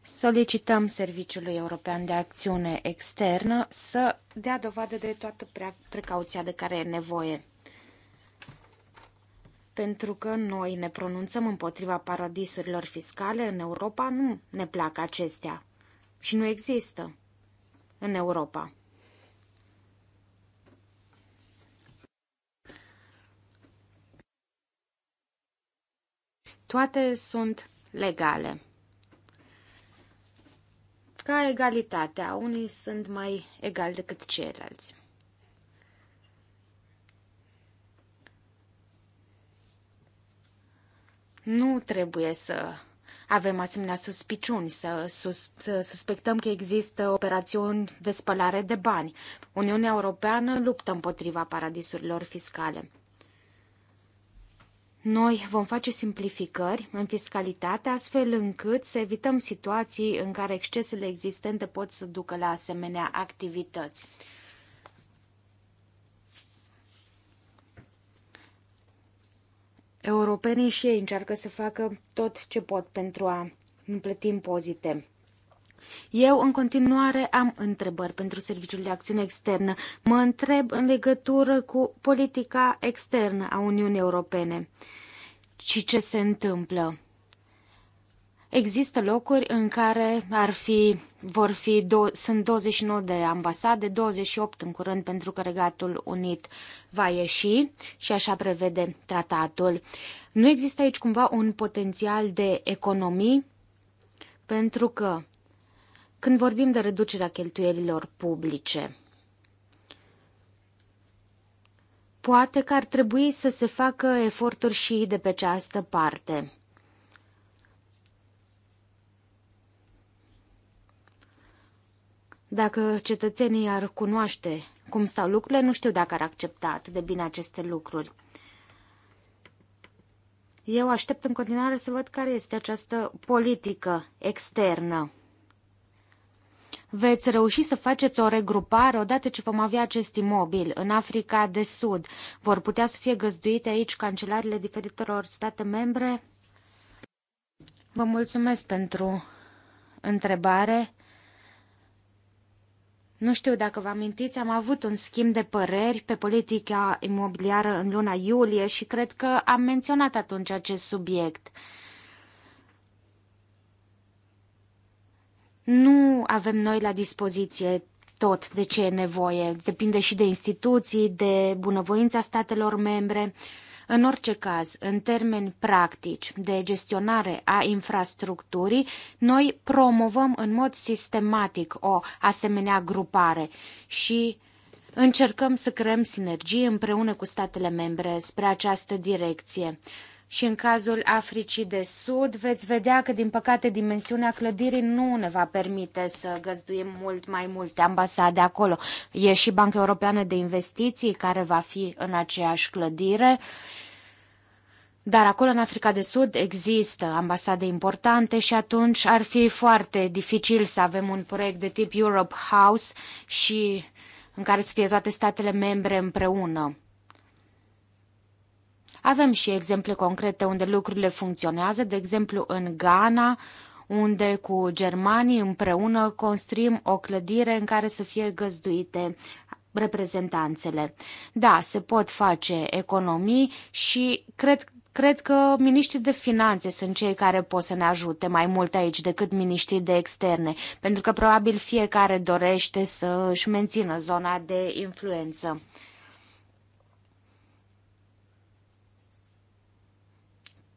solicităm Serviciului European de Acțiune Externă să dea dovadă de toată precauția de care e nevoie. Pentru că noi ne pronunțăm împotriva paradisurilor fiscale, în Europa nu ne plac acestea și nu există în Europa. Toate sunt legale. Ca egalitatea, unii sunt mai egali decât ceilalți. Nu trebuie să avem asemenea suspiciuni, să, sus, să suspectăm că există operațiuni de spălare de bani. Uniunea Europeană luptă împotriva paradisurilor fiscale. Noi vom face simplificări în fiscalitate, astfel încât să evităm situații în care excesele existente pot să ducă la asemenea activități. Europenii și ei încearcă să facă tot ce pot pentru a nu plăti impozite. Eu, în continuare, am întrebări pentru Serviciul de Acțiune Externă. Mă întreb în legătură cu politica externă a Uniunii Europene și ce se întâmplă. Există locuri în care ar fi, vor fi, do, sunt 29 de ambasade, 28 în curând pentru că Regatul Unit va ieși și așa prevede tratatul. Nu există aici cumva un potențial de economii? Pentru că când vorbim de reducerea cheltuielilor publice, poate că ar trebui să se facă eforturi și de pe această parte. Dacă cetățenii ar cunoaște cum stau lucrurile, nu știu dacă ar accepta atât de bine aceste lucruri. Eu aștept în continuare să văd care este această politică externă veți reuși să faceți o regrupare odată ce vom avea acest imobil în Africa de Sud. Vor putea să fie găzduite aici cancelarele diferitelor state membre? Vă mulțumesc pentru întrebare. Nu știu dacă vă amintiți, am avut un schimb de păreri pe politica imobiliară în luna iulie și cred că am menționat atunci acest subiect. nu avem noi la dispoziție tot de ce e nevoie. Depinde și de instituții, de bunăvoința statelor membre. În orice caz, în termeni practici de gestionare a infrastructurii, noi promovăm în mod sistematic o asemenea grupare și încercăm să creăm sinergii împreună cu statele membre spre această direcție și în cazul Africii de Sud veți vedea că, din păcate, dimensiunea clădirii nu ne va permite să găzduim mult mai multe ambasade acolo. E și Banca Europeană de Investiții care va fi în aceeași clădire. Dar acolo, în Africa de Sud, există ambasade importante și atunci ar fi foarte dificil să avem un proiect de tip Europe House și în care să fie toate statele membre împreună. Avem și exemple concrete unde lucrurile funcționează, de exemplu în Ghana, unde cu germanii împreună construim o clădire în care să fie găzduite reprezentanțele. Da, se pot face economii și cred Cred că miniștrii de finanțe sunt cei care pot să ne ajute mai mult aici decât miniștrii de externe, pentru că probabil fiecare dorește să își mențină zona de influență.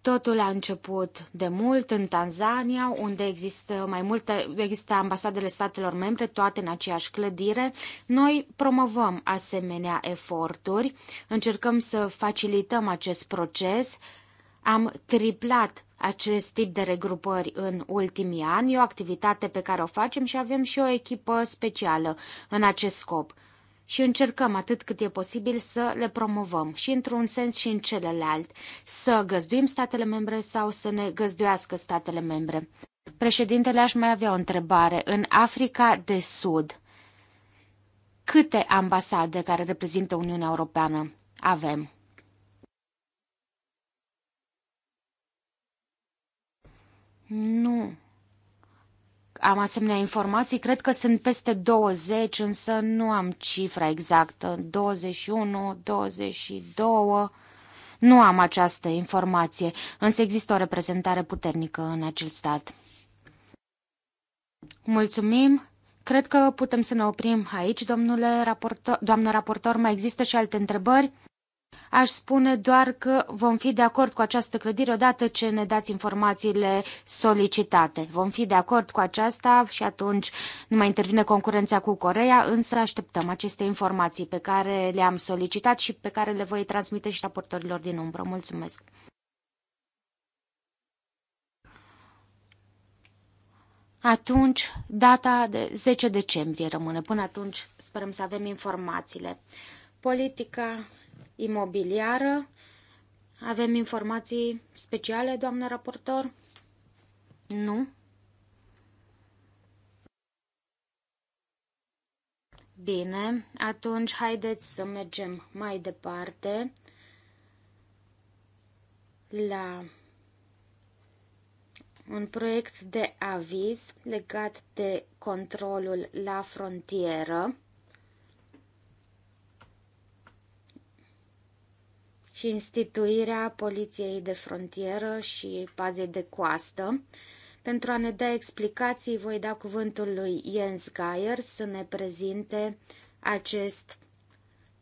Totul a început de mult în Tanzania, unde există mai multe, există ambasadele statelor membre, toate în aceeași clădire. Noi promovăm asemenea eforturi, încercăm să facilităm acest proces. Am triplat acest tip de regrupări în ultimii ani, e o activitate pe care o facem și avem și o echipă specială în acest scop și încercăm atât cât e posibil să le promovăm și într-un sens și în celălalt, să găzduim statele membre sau să ne găzduiască statele membre. Președintele, aș mai avea o întrebare. În Africa de Sud, câte ambasade care reprezintă Uniunea Europeană avem? Nu am asemenea informații, cred că sunt peste 20, însă nu am cifra exactă, 21, 22, nu am această informație, însă există o reprezentare puternică în acel stat. Mulțumim! Cred că putem să ne oprim aici, domnule raportor, doamnă raportor, mai există și alte întrebări? Aș spune doar că vom fi de acord cu această clădire odată ce ne dați informațiile solicitate. Vom fi de acord cu aceasta și atunci nu mai intervine concurența cu Coreea, însă așteptăm aceste informații pe care le-am solicitat și pe care le voi transmite și raportorilor din umbră. Mulțumesc! Atunci, data de 10 decembrie rămâne. Până atunci sperăm să avem informațiile. Politica imobiliară. Avem informații speciale, doamnă raportor? Nu. Bine, atunci haideți să mergem mai departe la un proiect de aviz legat de controlul la frontieră. și instituirea Poliției de Frontieră și Pazei de Coastă. Pentru a ne da explicații, voi da cuvântul lui Jens Geier să ne prezinte acest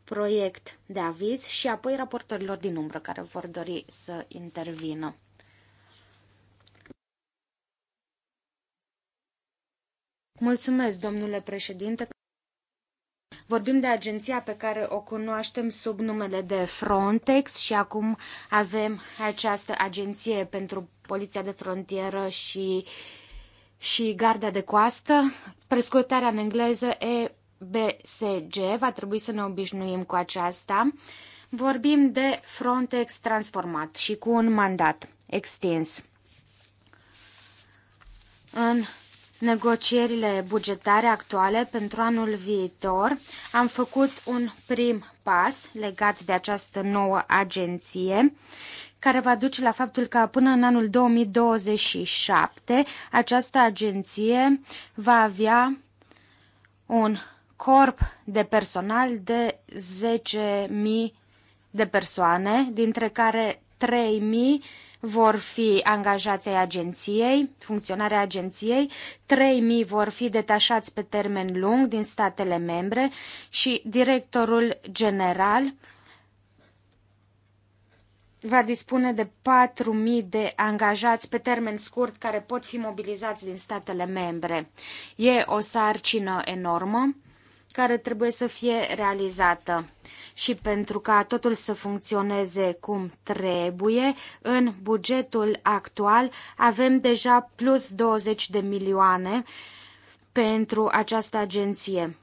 proiect de aviz și apoi raportorilor din umbră care vor dori să intervină. Mulțumesc, domnule președinte. Vorbim de agenția pe care o cunoaștem sub numele de Frontex și acum avem această agenție pentru Poliția de Frontieră și, și Garda de Coastă. Prescutarea în engleză EBSG. Va trebui să ne obișnuim cu aceasta. Vorbim de Frontex transformat și cu un mandat extins. În negocierile bugetare actuale pentru anul viitor. Am făcut un prim pas legat de această nouă agenție care va duce la faptul că până în anul 2027 această agenție va avea un corp de personal de 10.000 de persoane, dintre care 3.000 vor fi angajați ai agenției, funcționarea agenției, 3.000 vor fi detașați pe termen lung din statele membre și directorul general va dispune de 4.000 de angajați pe termen scurt care pot fi mobilizați din statele membre. E o sarcină enormă care trebuie să fie realizată. Și pentru ca totul să funcționeze cum trebuie, în bugetul actual avem deja plus 20 de milioane pentru această agenție.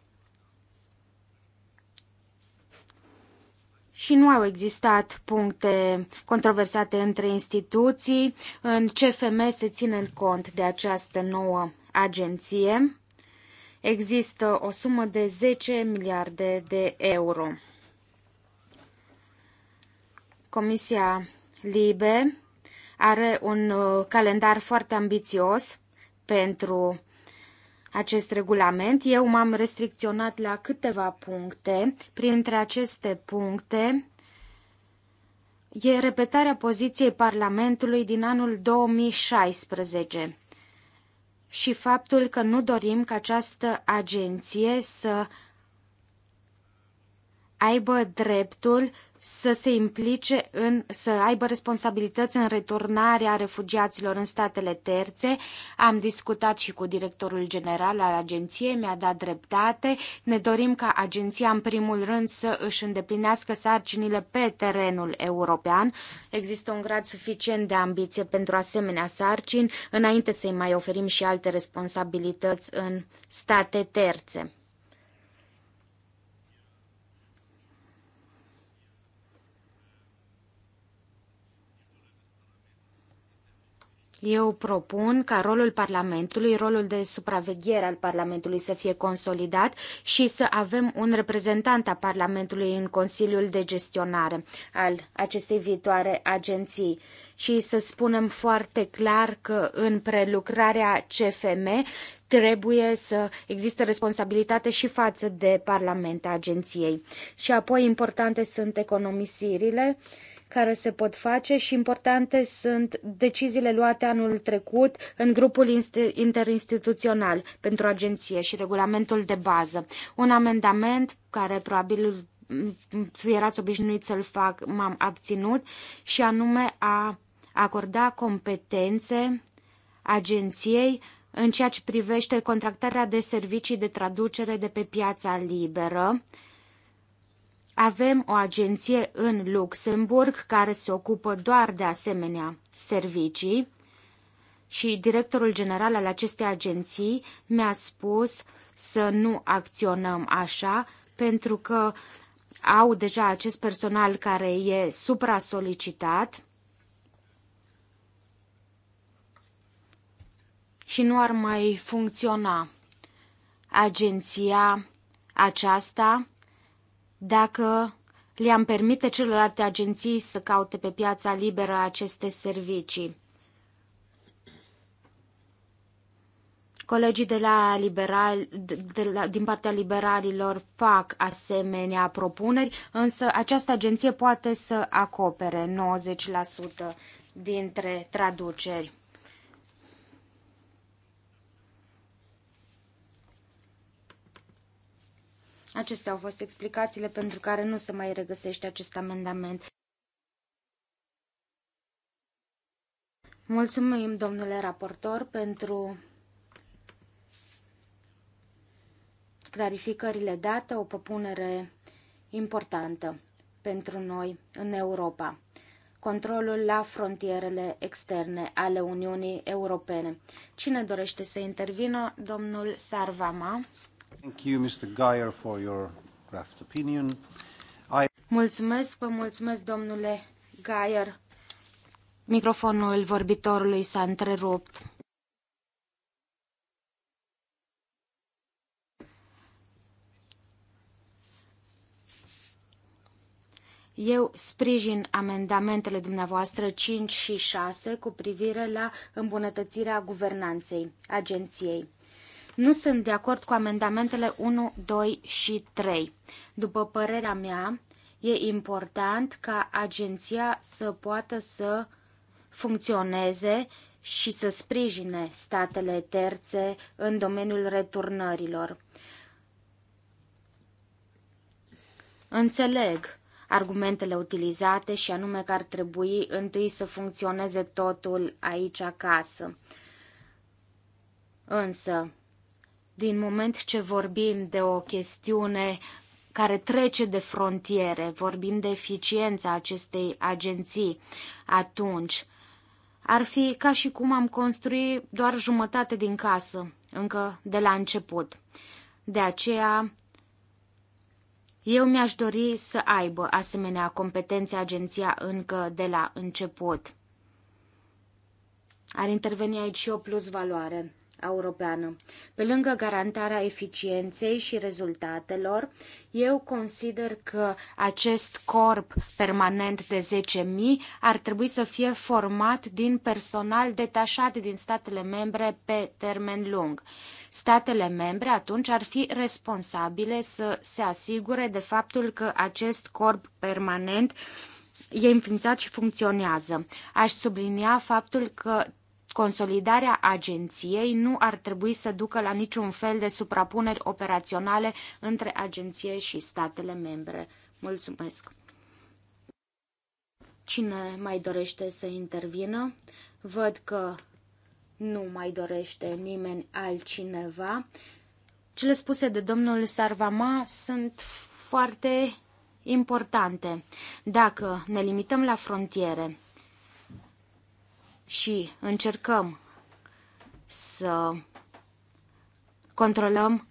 și nu au existat puncte controversate între instituții. În CFM se ține cont de această nouă agenție există o sumă de 10 miliarde de euro. Comisia Libe are un uh, calendar foarte ambițios pentru acest regulament. Eu m-am restricționat la câteva puncte. Printre aceste puncte e repetarea poziției Parlamentului din anul 2016 și faptul că nu dorim ca această agenție să aibă dreptul să se implice în, să aibă responsabilități în returnarea refugiaților în statele terțe. Am discutat și cu directorul general al agenției, mi-a dat dreptate. Ne dorim ca agenția în primul rând să își îndeplinească sarcinile pe terenul european. Există un grad suficient de ambiție pentru asemenea sarcini, înainte să-i mai oferim și alte responsabilități în state terțe. Eu propun ca rolul Parlamentului, rolul de supraveghere al Parlamentului să fie consolidat și să avem un reprezentant a Parlamentului în Consiliul de Gestionare al acestei viitoare agenții și să spunem foarte clar că în prelucrarea CFM trebuie să existe responsabilitate și față de Parlament a agenției. Și apoi importante sunt economisirile care se pot face și importante sunt deciziile luate anul trecut în grupul interinstituțional pentru agenție și regulamentul de bază. Un amendament care probabil erați obișnuit să-l fac, m-am abținut, și anume a acorda competențe agenției în ceea ce privește contractarea de servicii de traducere de pe piața liberă, avem o agenție în Luxemburg care se ocupă doar de asemenea servicii și directorul general al acestei agenții mi-a spus să nu acționăm așa pentru că au deja acest personal care e supra-solicitat și nu ar mai funcționa agenția aceasta dacă le-am permite celorlalte agenții să caute pe piața liberă aceste servicii. Colegii de la liberal, de la, din partea liberalilor fac asemenea propuneri, însă această agenție poate să acopere 90% dintre traduceri. Acestea au fost explicațiile pentru care nu se mai regăsește acest amendament. Mulțumim, domnule raportor, pentru clarificările date, o propunere importantă pentru noi în Europa. Controlul la frontierele externe ale Uniunii Europene. Cine dorește să intervină? Domnul Sarvama. Mulțumesc, vă mulțumesc, domnule Geyer. Microfonul vorbitorului s-a întrerupt. Eu sprijin amendamentele dumneavoastră 5 și 6 cu privire la îmbunătățirea guvernanței agenției. Nu sunt de acord cu amendamentele 1, 2 și 3. După părerea mea, e important ca agenția să poată să funcționeze și să sprijine statele terțe în domeniul returnărilor. Înțeleg argumentele utilizate și anume că ar trebui întâi să funcționeze totul aici acasă. Însă, din moment ce vorbim de o chestiune care trece de frontiere, vorbim de eficiența acestei agenții, atunci ar fi ca și cum am construi doar jumătate din casă, încă de la început. De aceea, eu mi-aș dori să aibă asemenea competențe agenția încă de la început. Ar interveni aici și o plus valoare europeană. Pe lângă garantarea eficienței și rezultatelor, eu consider că acest corp permanent de 10.000 ar trebui să fie format din personal detașat din statele membre pe termen lung. Statele membre atunci ar fi responsabile să se asigure de faptul că acest corp permanent e înființat și funcționează. Aș sublinia faptul că Consolidarea agenției nu ar trebui să ducă la niciun fel de suprapuneri operaționale între agenție și statele membre. Mulțumesc! Cine mai dorește să intervină? Văd că nu mai dorește nimeni altcineva. Cele spuse de domnul Sarvama sunt foarte importante. Dacă ne limităm la frontiere și încercăm să controlăm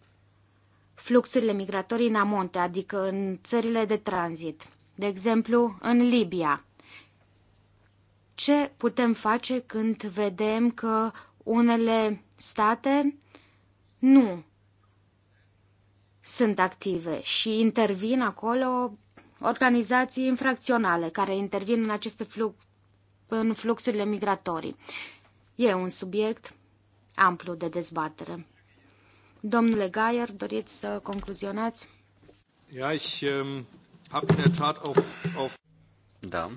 fluxurile migratorii în amonte, adică în țările de tranzit, de exemplu în Libia. Ce putem face când vedem că unele state nu sunt active și intervin acolo organizații infracționale care intervin în aceste în fluxurile migratorii. E un subiect amplu de dezbatere. Domnule Gaier, doriți să concluzionați? Ja, ich ähm, in der Tat auf, auf da.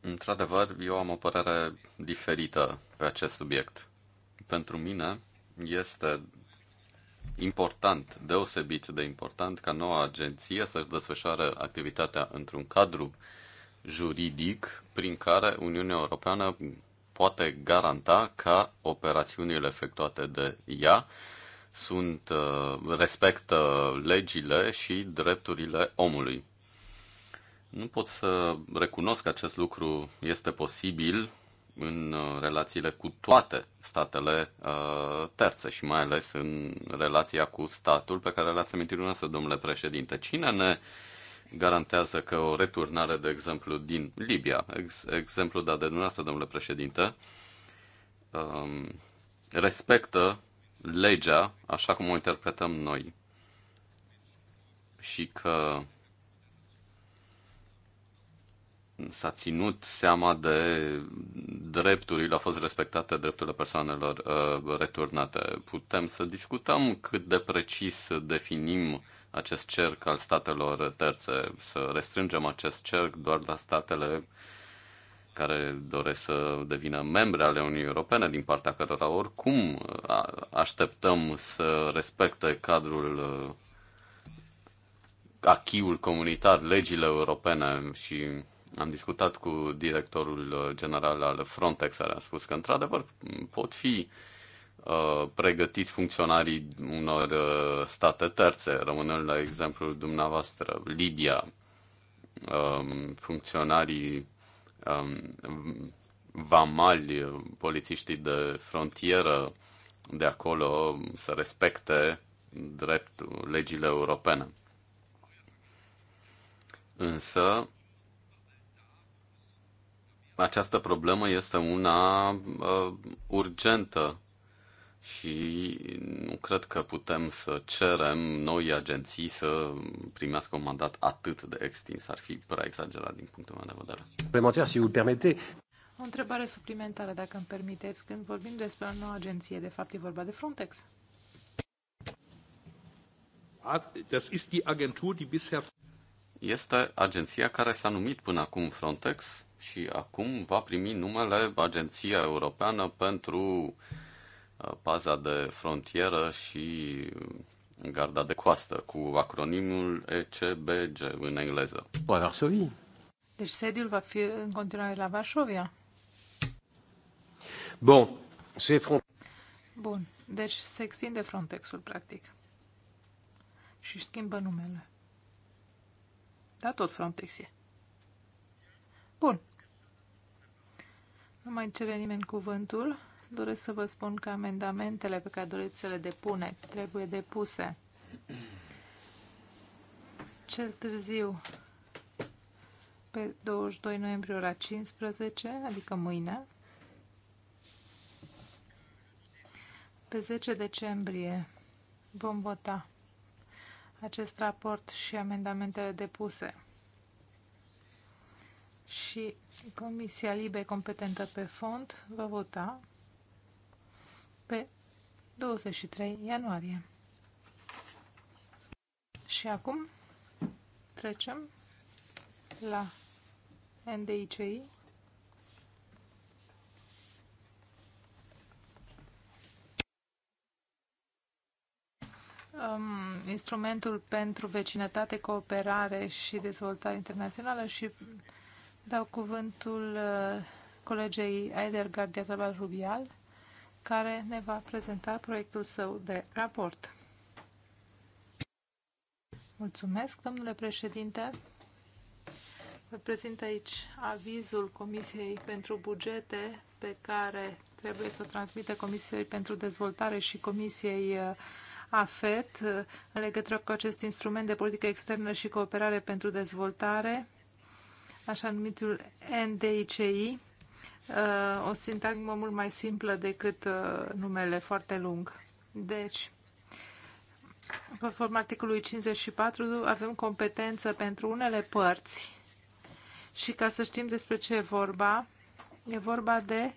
Într-adevăr, eu am o părere diferită pe acest subiect. Pentru mine este important, deosebit de important, ca noua agenție să-și desfășoare activitatea într-un cadru uh, juridic prin care Uniunea Europeană poate garanta că operațiunile efectuate de ea sunt, uh, respectă legile și drepturile omului. Nu pot să recunosc că acest lucru este posibil în uh, relațiile cu toate statele uh, terțe și mai ales în relația cu statul pe care l-ați amintit dumneavoastră, domnule președinte. Cine ne uh, garantează că o returnare, de exemplu, din Libia, ex- exemplu dat de dumneavoastră, domnule președinte, um, respectă legea așa cum o interpretăm noi și că s-a ținut seama de drepturile, au fost respectate drepturile persoanelor uh, returnate. Putem să discutăm cât de precis definim acest cerc al statelor terțe, să restrângem acest cerc doar la statele care doresc să devină membre ale Uniunii Europene, din partea cărora oricum așteptăm să respecte cadrul uh, achiul comunitar, legile europene și am discutat cu directorul uh, general al Frontex, care a spus că într-adevăr pot fi uh, Uh, pregătiți funcționarii unor uh, state terțe, rămânând la exemplul dumneavoastră, Libia, um, funcționarii um, vamali, polițiștii de frontieră de acolo să respecte dreptul, legile europene. Însă, această problemă este una uh, urgentă și nu cred că putem să cerem noi agenții să primească un mandat atât de extins. Ar fi prea exagerat din punctul meu de vedere. Primăția, si permite. O întrebare suplimentară, dacă îmi permiteți. Când vorbim despre o nouă agenție, de fapt e vorba de Frontex. Das ist die Agentur, die bisher... Este agenția care s-a numit până acum Frontex și acum va primi numele Agenția Europeană pentru uh, paza de frontieră și garda de coastă, cu acronimul ECBG în engleză. La păi, Varsovia. Deci sediul va fi în continuare la Varsovia. Bun, se front... Bun, deci se extinde Frontexul, practic. Și schimbă numele. Da, tot Frontex e. Bun. Nu mai cere nimeni cuvântul doresc să vă spun că amendamentele pe care doriți să le depune trebuie depuse cel târziu pe 22 noiembrie ora 15, adică mâine. Pe 10 decembrie vom vota acest raport și amendamentele depuse. Și Comisia Libe competentă pe fond va vota pe 23 ianuarie. Și acum trecem la NDICI. Um, instrumentul pentru vecinătate, cooperare și dezvoltare internațională și dau cuvântul uh, colegei Aider Gardia Zabal Rubial care ne va prezenta proiectul său de raport. Mulțumesc, domnule președinte. Vă prezint aici avizul Comisiei pentru Bugete pe care trebuie să o transmită Comisiei pentru Dezvoltare și Comisiei uh, AFET uh, în legătură cu acest instrument de politică externă și cooperare pentru dezvoltare, așa numitul NDICI, Uh, o sintagmă mult mai simplă decât uh, numele foarte lung. Deci, conform articolului 54, avem competență pentru unele părți și ca să știm despre ce e vorba, e vorba de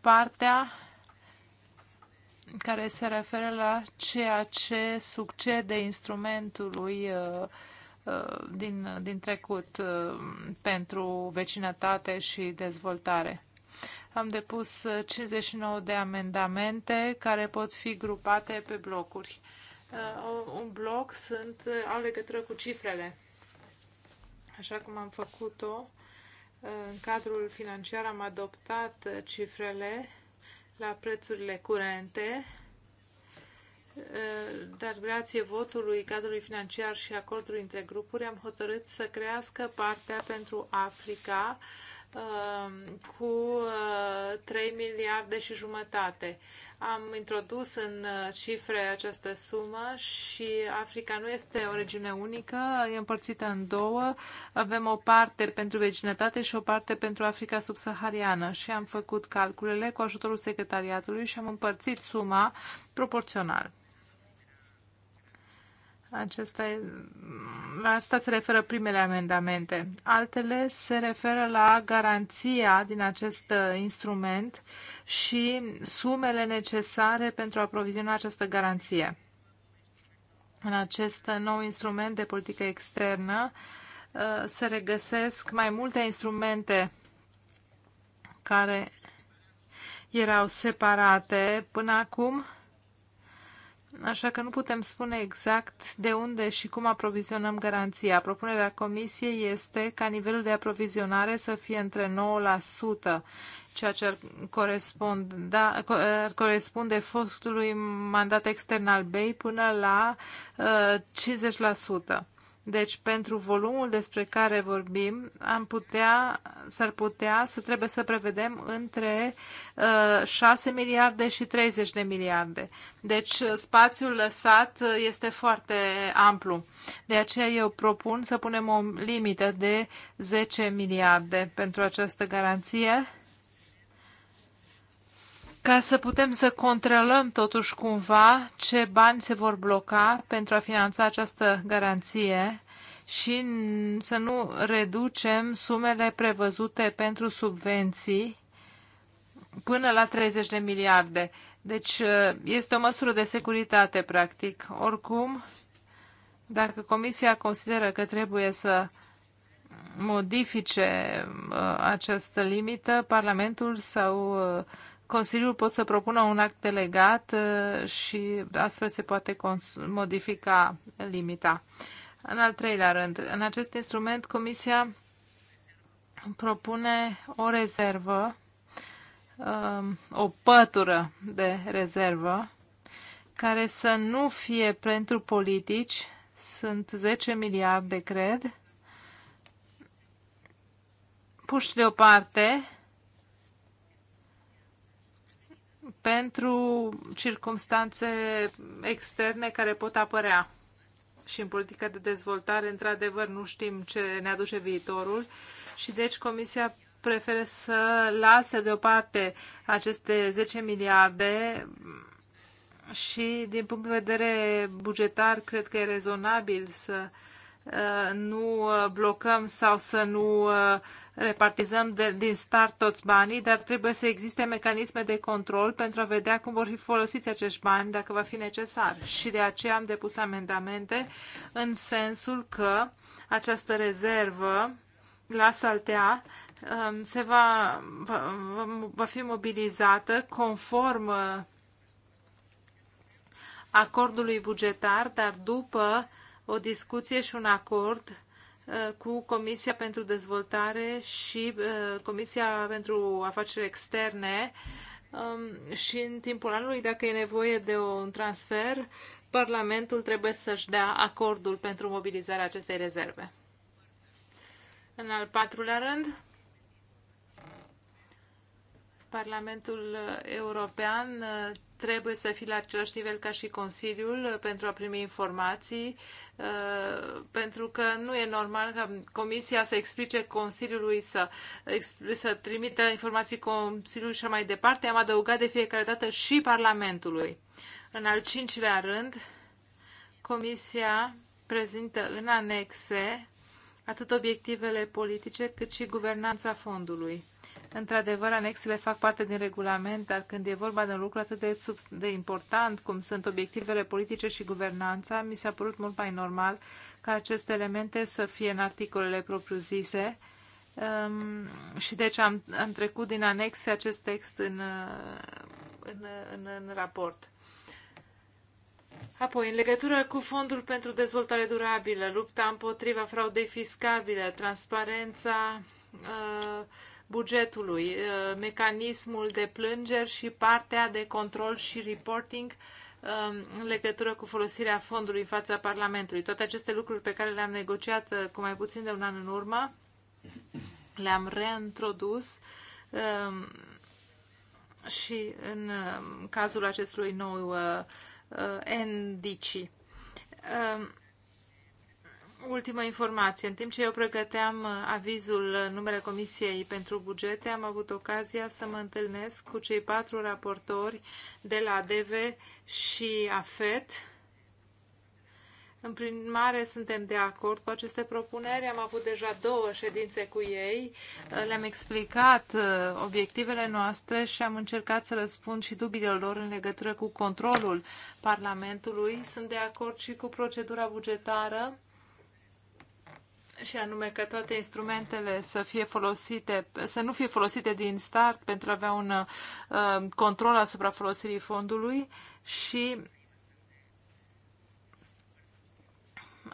partea care se referă la ceea ce succede instrumentului uh, din, din trecut pentru vecinătate și dezvoltare. Am depus 59 de amendamente care pot fi grupate pe blocuri. Uh, un bloc sunt, au legătură cu cifrele, așa cum am făcut-o. Uh, în cadrul financiar am adoptat cifrele la prețurile curente, uh, dar grație votului cadrului financiar și acordului între grupuri am hotărât să crească partea pentru Africa Um, cu 3 uh, miliarde și jumătate. Am introdus în uh, cifre această sumă și Africa nu este o regiune unică, e împărțită în două. Avem o parte pentru vecinătate și o parte pentru Africa subsahariană și am făcut calculele cu ajutorul secretariatului și am împărțit suma proporțional. Acesta e, la asta se referă primele amendamente. Altele se referă la garanția din acest uh, instrument și sumele necesare pentru a proviziona această garanție. În acest uh, nou instrument de politică externă uh, se regăsesc mai multe instrumente care erau separate până acum așa că nu putem spune exact de unde și cum aprovizionăm garanția. Propunerea Comisiei este ca nivelul de aprovizionare să fie între 9%, ceea ce ar corespunde, da, corespunde fostului mandat extern al BEI până la uh, 50%. Deci, pentru volumul despre care vorbim, am putea, s-ar putea să trebuie să prevedem între uh, 6 miliarde și 30 de miliarde. Deci, uh, spațiul lăsat uh, este foarte amplu. De aceea eu propun să punem o limită de 10 miliarde pentru această garanție ca să putem să controlăm totuși cumva ce bani se vor bloca pentru a finanța această garanție și să nu reducem sumele prevăzute pentru subvenții până la 30 de miliarde. Deci ă, este o măsură de securitate, practic. Oricum, dacă Comisia consideră că trebuie să modifice ă, această limită, Parlamentul sau ă, Consiliul pot să propună un act delegat uh, și astfel se poate modifica limita. În al treilea rând, în acest instrument, Comisia propune o rezervă, um, o pătură de rezervă, care să nu fie pentru politici, sunt 10 miliarde, cred, puși deoparte, pentru circumstanțe externe care pot apărea. Și în politica de dezvoltare, într-adevăr, nu știm ce ne aduce viitorul și deci Comisia preferă să lase deoparte aceste 10 miliarde și din punct de vedere bugetar cred că e rezonabil să uh, Uh, nu uh, blocăm sau să nu uh, repartizăm de, din start toți banii, dar trebuie să existe mecanisme de control pentru a vedea cum vor fi folosiți acești bani, dacă va fi necesar. Și de aceea am depus amendamente în sensul că această rezervă la saltea um, se va, va, va fi mobilizată conform acordului bugetar, dar după uh, o discuție și un acord uh, cu Comisia pentru Dezvoltare și uh, Comisia pentru Afaceri Externe um, și în timpul anului, dacă e nevoie de un transfer, Parlamentul trebuie să-și dea acordul pentru mobilizarea acestei rezerve. În al patrulea rând, Parlamentul European uh, trebuie să fie la același nivel ca și Consiliul pentru a primi informații, uh, pentru că nu e normal ca Comisia să explice Consiliului să, să trimită informații Consiliului și mai departe. Am adăugat de fiecare dată și Parlamentului. În al cincilea rând, Comisia prezintă în anexe atât obiectivele politice cât și guvernanța fondului. Într-adevăr, anexele fac parte din regulament, dar când e vorba de un lucru atât de, sub, de important cum sunt obiectivele politice și guvernanța, mi s-a părut mult mai normal ca aceste elemente să fie în articolele propriu-zise um, și deci am, am trecut din anexe acest text în, uh, în, în, în raport. Apoi, în legătură cu Fondul pentru Dezvoltare Durabilă, lupta împotriva fraudei fiscabile, transparența uh, bugetului, uh, mecanismul de plângeri și partea de control și reporting um, în legătură cu folosirea fondului în fața Parlamentului. Toate aceste lucruri pe care le-am negociat uh, cu mai puțin de un an în urmă, le-am reintrodus um, și în um, cazul acestui nou uh, uh, NDC. Uh, um, ultimă informație. În timp ce eu pregăteam uh, avizul uh, numele Comisiei pentru bugete, am avut ocazia să mă întâlnesc cu cei patru raportori de la DV și AFET, în prin mare suntem de acord cu aceste propuneri. Am avut deja două ședințe cu ei, le-am explicat uh, obiectivele noastre și am încercat să răspund și dubiilor lor în legătură cu controlul Parlamentului. Sunt de acord și cu procedura bugetară și anume că toate instrumentele să fie folosite, să nu fie folosite din start pentru a avea un uh, control asupra folosirii fondului și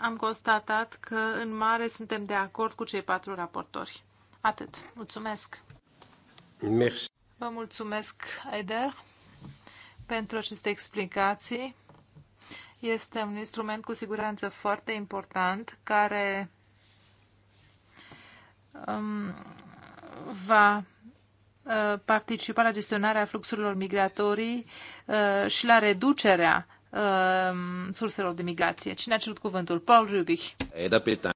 am constatat că în mare suntem de acord cu cei patru raportori. Atât. Mulțumesc. Merci. Vă mulțumesc, Aider, pentru aceste explicații. Este un instrument cu siguranță foarte important care um, va uh, participa la gestionarea fluxurilor migratorii uh, și la reducerea Um, surselor de migrație. Cine a cerut cuvântul? Paul Rubich. Eda Pita.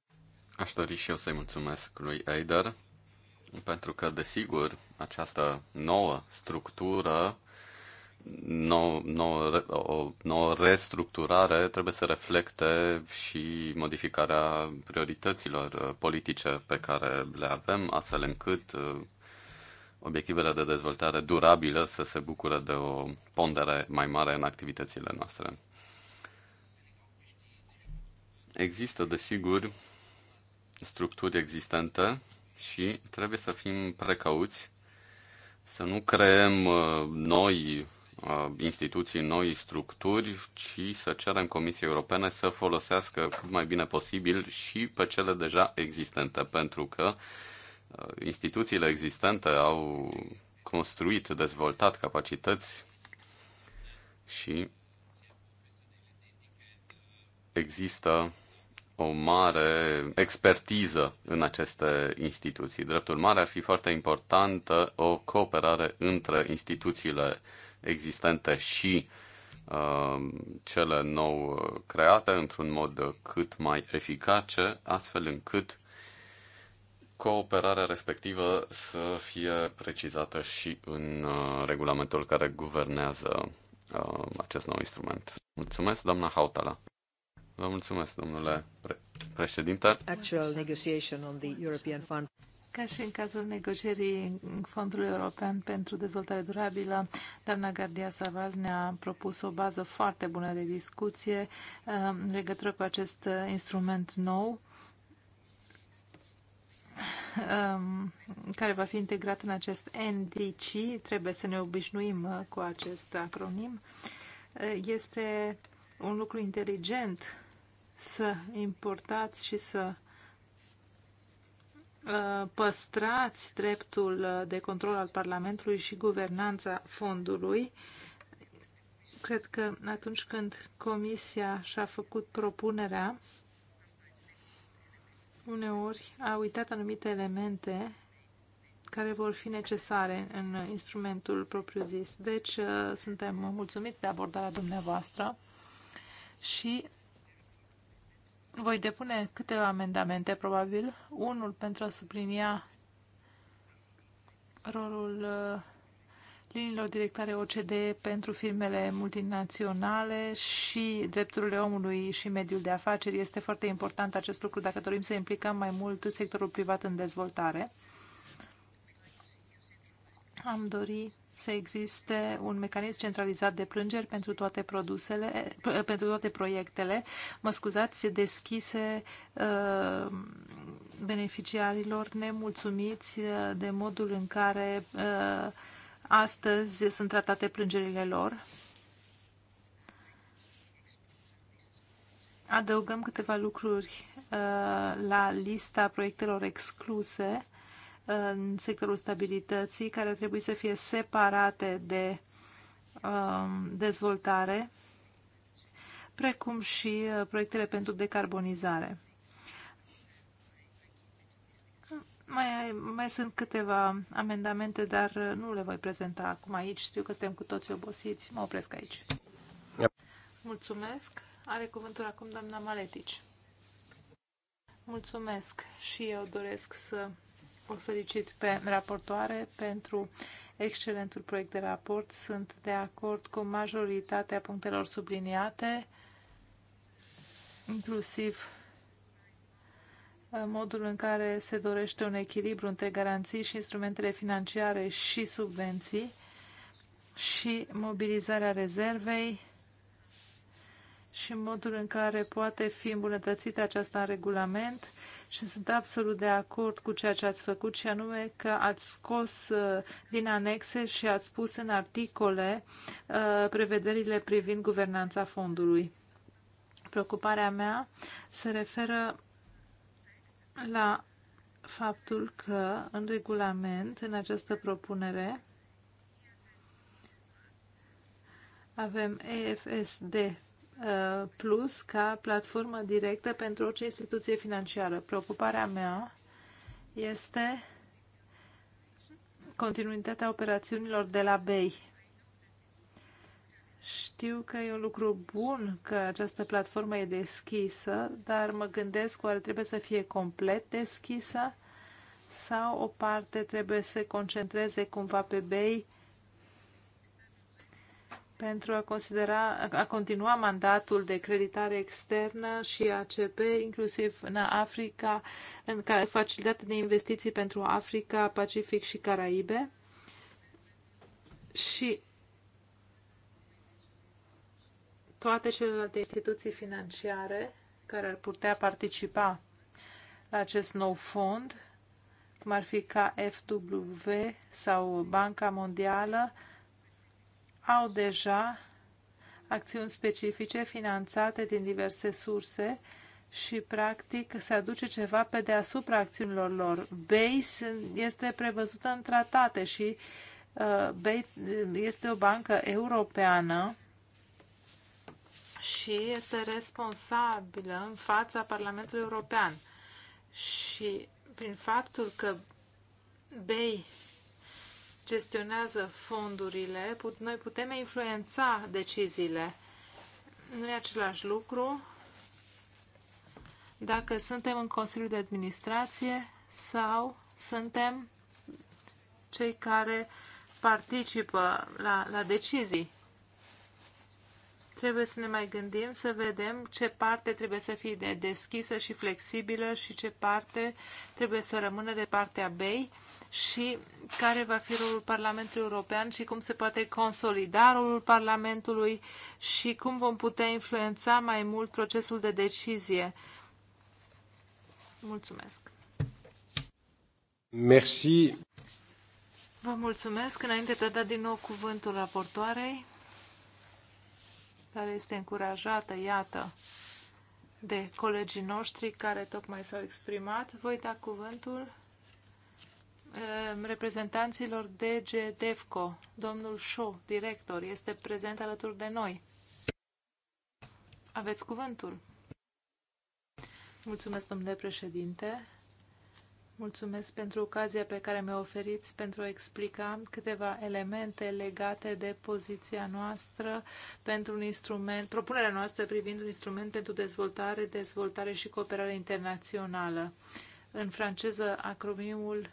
Aș dori și eu să-i mulțumesc lui Eider, pentru că, desigur, această nouă structură nouă, nouă, o nouă restructurare trebuie să reflecte și modificarea priorităților uh, politice pe care le avem, astfel încât uh, obiectivele de dezvoltare durabilă să se bucure de o pondere mai mare în activitățile noastre. Există, desigur, structuri existente și trebuie să fim precauți să nu creăm uh, noi uh, instituții, noi structuri, ci să cerem Comisiei Europene să folosească cât mai bine posibil și pe cele deja existente, pentru că uh, Uh, instituțiile existente au construit, dezvoltat capacități și există o mare expertiză în aceste instituții. Drept urmare, ar fi foarte importantă o cooperare între instituțiile existente și uh, cele nou create într-un mod cât mai eficace, astfel încât cooperarea respectivă să fie precizată și în uh, regulamentul care guvernează uh, acest nou instrument. Mulțumesc, doamna Hautala. Vă mulțumesc, domnule pre- președinte. Actual negotiation on the European Fund. Ca și în cazul negocierii Fondului European pentru Dezvoltare Durabilă, doamna Gardia Saval ne-a propus o bază foarte bună de discuție uh, în legătură cu acest instrument nou Um, care va fi integrat în acest NDC, trebuie să ne obișnuim uh, cu acest acronim, uh, este un lucru inteligent să importați și să uh, păstrați dreptul de control al Parlamentului și guvernanța fondului. Cred că atunci când Comisia și-a făcut propunerea, uneori a uitat anumite elemente care vor fi necesare în instrumentul propriu-zis. Deci, uh, suntem mulțumiți de abordarea dumneavoastră și voi depune câteva amendamente, probabil. Unul pentru a sublinia rolul uh, liniilor directare OCDE pentru firmele multinaționale și drepturile omului și mediul de afaceri. Este foarte important acest lucru dacă dorim să implicăm mai mult sectorul privat în dezvoltare. Am dorit să existe un mecanism centralizat de plângeri pentru toate produsele, pentru toate proiectele, mă scuzați, deschise uh, beneficiarilor nemulțumiți uh, de modul în care uh, Astăzi sunt tratate plângerile lor. Adăugăm câteva lucruri uh, la lista proiectelor excluse uh, în sectorul stabilității, care trebuie să fie separate de um, dezvoltare, precum și uh, proiectele pentru decarbonizare. Mai, mai sunt câteva amendamente, dar nu le voi prezenta acum aici. Știu că suntem cu toți obosiți. Mă opresc aici. Mulțumesc. Are cuvântul acum doamna Maletici. Mulțumesc și eu doresc să o felicit pe raportoare pentru excelentul proiect de raport. Sunt de acord cu majoritatea punctelor subliniate, inclusiv modul în care se dorește un echilibru între garanții și instrumentele financiare și subvenții și mobilizarea rezervei și modul în care poate fi îmbunătățită aceasta în regulament și sunt absolut de acord cu ceea ce ați făcut și anume că ați scos uh, din anexe și ați pus în articole uh, prevederile privind guvernanța fondului. Preocuparea mea se referă la faptul că în regulament, în această propunere, avem EFSD uh, Plus ca platformă directă pentru orice instituție financiară. Preocuparea mea este continuitatea operațiunilor de la BEI știu că e un lucru bun că această platformă e deschisă, dar mă gândesc oare trebuie să fie complet deschisă sau o parte trebuie să se concentreze cumva pe bei pentru a, considera, a continua mandatul de creditare externă și ACP, inclusiv în Africa, în facilitate de investiții pentru Africa, Pacific și Caraibe. Și toate celelalte instituții financiare care ar putea participa la acest nou fond, cum ar fi KFW sau Banca Mondială, au deja acțiuni specifice finanțate din diverse surse și, practic, se aduce ceva pe deasupra acțiunilor lor. BASE este prevăzută în tratate și uh, BASE este o bancă europeană și este responsabilă în fața Parlamentului European. Și prin faptul că BEI gestionează fondurile, put, noi putem influența deciziile. Nu e același lucru dacă suntem în Consiliul de Administrație sau suntem cei care participă la, la decizii. Trebuie să ne mai gândim, să vedem ce parte trebuie să fie de deschisă și flexibilă și ce parte trebuie să rămână de partea BEI și care va fi rolul Parlamentului European și cum se poate consolida rolul Parlamentului și cum vom putea influența mai mult procesul de decizie. Mulțumesc! Merci. Vă mulțumesc. Înainte de a da din nou cuvântul raportoarei, care este încurajată, iată, de colegii noștri care tocmai s-au exprimat. Voi da cuvântul ehm, reprezentanților DG DEFCO. Domnul Șo, director, este prezent alături de noi. Aveți cuvântul. Mulțumesc, domnule președinte. Mulțumesc pentru ocazia pe care mi-o oferiți pentru a explica câteva elemente legate de poziția noastră pentru un instrument, propunerea noastră privind un instrument pentru dezvoltare, dezvoltare și cooperare internațională. În franceză, acronimul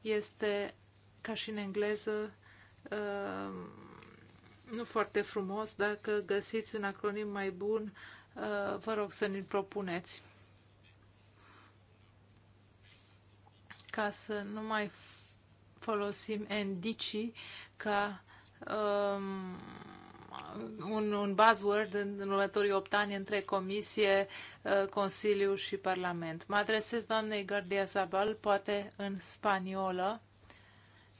este, ca și în engleză, uh, nu foarte frumos. Dacă găsiți un acronim mai bun, uh, vă rog să ne-l propuneți. ca să nu mai folosim indicii ca um, un, un buzzword în, în următorii 8 ani între Comisie, uh, Consiliu și Parlament. Mă adresez doamnei Gardia Zabal, poate în spaniolă.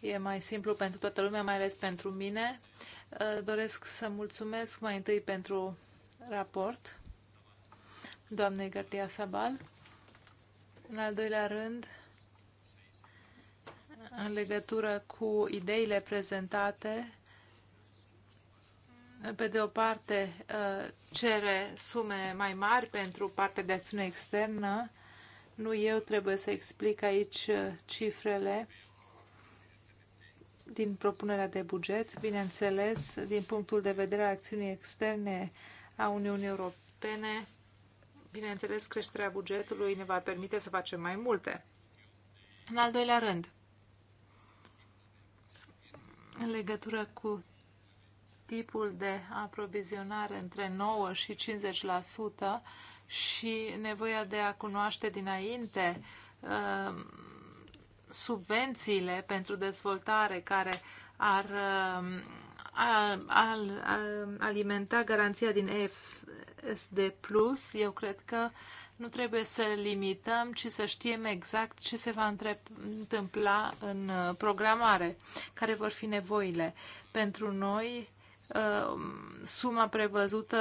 E mai simplu pentru toată lumea, mai ales pentru mine. Uh, doresc să mulțumesc mai întâi pentru raport, doamnei Gardia Sabal. În al doilea rând, în legătură cu ideile prezentate. Pe de o parte, uh, cere sume mai mari pentru partea de acțiune externă. Nu eu trebuie să explic aici uh, cifrele din propunerea de buget, bineînțeles, din punctul de vedere al acțiunii externe a Uniunii Europene, bineînțeles, creșterea bugetului ne va permite să facem mai multe. În al doilea rând, în legătură cu tipul de aprovizionare între 9 și 50% și nevoia de a cunoaște dinainte uh, subvențiile pentru dezvoltare care ar uh, uh, alimenta garanția din EFSD+, eu cred că nu trebuie să limităm, ci să știm exact ce se va întâmpla în uh, programare, care vor fi nevoile. Pentru noi, uh, suma prevăzută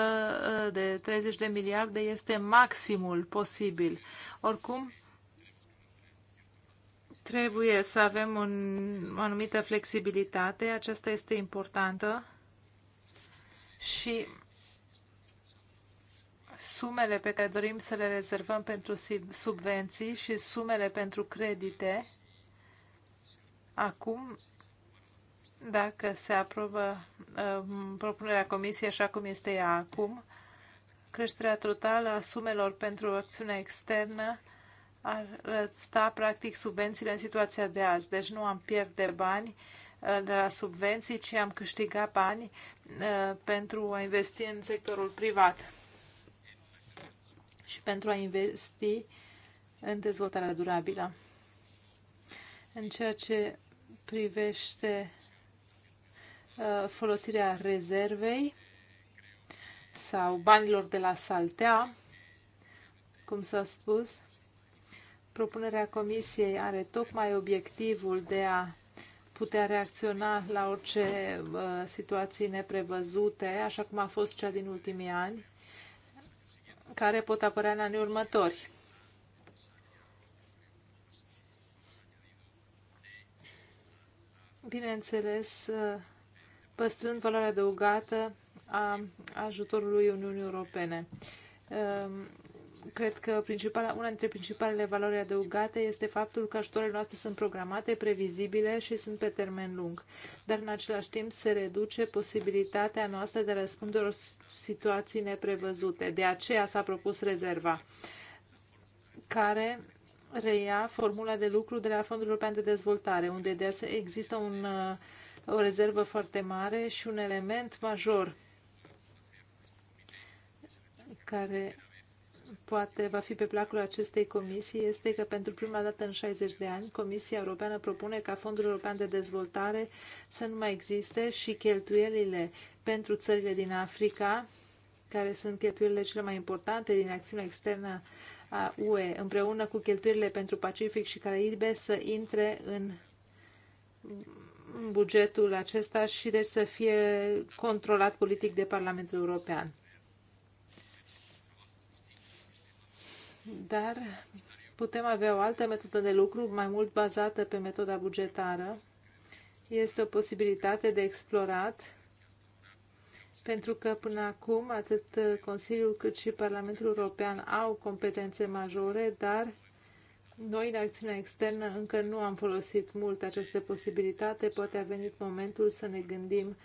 uh, de 30 de miliarde este maximul posibil. Oricum, trebuie să avem un, o anumită flexibilitate, aceasta este importantă și sumele pe care dorim să le rezervăm pentru subvenții și sumele pentru credite acum dacă se aprobă uh, propunerea comisiei așa cum este ea acum, creșterea totală a sumelor pentru acțiunea externă ar sta practic subvențiile în situația de azi. Deci nu am pierde bani uh, de la subvenții, ci am câștigat bani uh, pentru a investi în sectorul privat și pentru a investi în dezvoltarea durabilă. În ceea ce privește uh, folosirea rezervei sau banilor de la saltea, cum s-a spus, propunerea Comisiei are tocmai obiectivul de a putea reacționa la orice uh, situații neprevăzute, așa cum a fost cea din ultimii ani, care pot apărea în anii următori. Bineînțeles, păstrând valoarea adăugată a ajutorului Uniunii Europene cred că principala, una dintre principalele valori adăugate este faptul că ajutoarele noastre sunt programate, previzibile și sunt pe termen lung. Dar în același timp se reduce posibilitatea noastră de a răspunde la situații neprevăzute. De aceea s-a propus rezerva, care reia formula de lucru de la Fondul European de Dezvoltare, unde de există un, o rezervă foarte mare și un element major care poate va fi pe placul acestei comisii este că pentru prima dată în 60 de ani Comisia Europeană propune ca Fondul European de Dezvoltare să nu mai existe și cheltuielile pentru țările din Africa, care sunt cheltuielile cele mai importante din acțiunea externă a UE, împreună cu cheltuielile pentru Pacific și Caraibe, să intre în bugetul acesta și deci să fie controlat politic de Parlamentul European. dar putem avea o altă metodă de lucru mai mult bazată pe metoda bugetară. Este o posibilitate de explorat pentru că până acum atât Consiliul cât și Parlamentul European au competențe majore, dar noi, în acțiunea externă, încă nu am folosit mult aceste posibilitate. Poate a venit momentul să ne gândim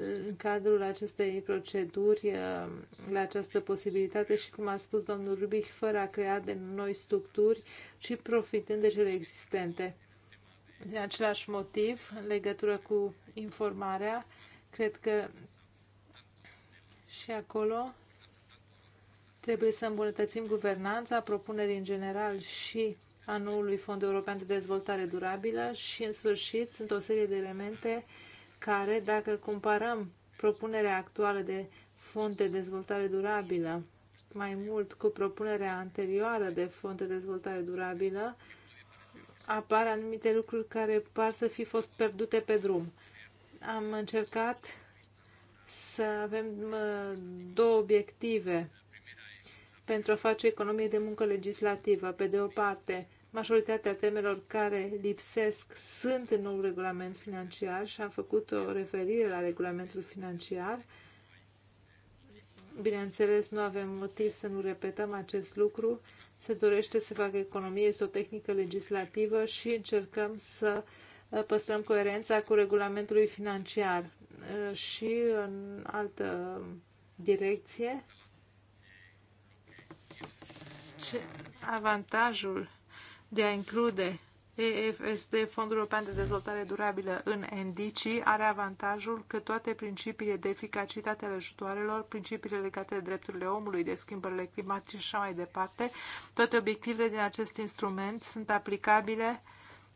în cadrul acestei proceduri eh, la această posibilitate și, cum a spus domnul Rubic, fără a crea de noi structuri, ci profitând de cele existente. De același motiv, în legătură cu informarea, cred că și acolo trebuie să îmbunătățim guvernanța, propunerii în general și a noului Fond European de Dezvoltare Durabilă și, în sfârșit, sunt o serie de elemente uh, care, dacă comparăm propunerea actuală de fond de dezvoltare durabilă mai mult cu propunerea anterioară de fond de dezvoltare durabilă, apar anumite lucruri care par să fi fost pierdute pe drum. Am încercat să avem două obiective pentru a face economie de muncă legislativă. Pe de o parte, Majoritatea temelor care lipsesc sunt în nou regulament financiar și am făcut o referire la regulamentul financiar. Bineînțeles, nu avem motiv să nu repetăm acest lucru. Se dorește să facă economie, este o tehnică legislativă și încercăm să uh, păstrăm coerența cu regulamentului financiar uh, și în altă direcție. Ce avantajul de a include EFSD, Fondul European de Dezvoltare Durabilă, în NDC, are avantajul că toate principiile de eficacitate ale ajutoarelor, principiile legate de drepturile omului, de schimbările climatice și așa mai departe, toate obiectivele din acest instrument sunt aplicabile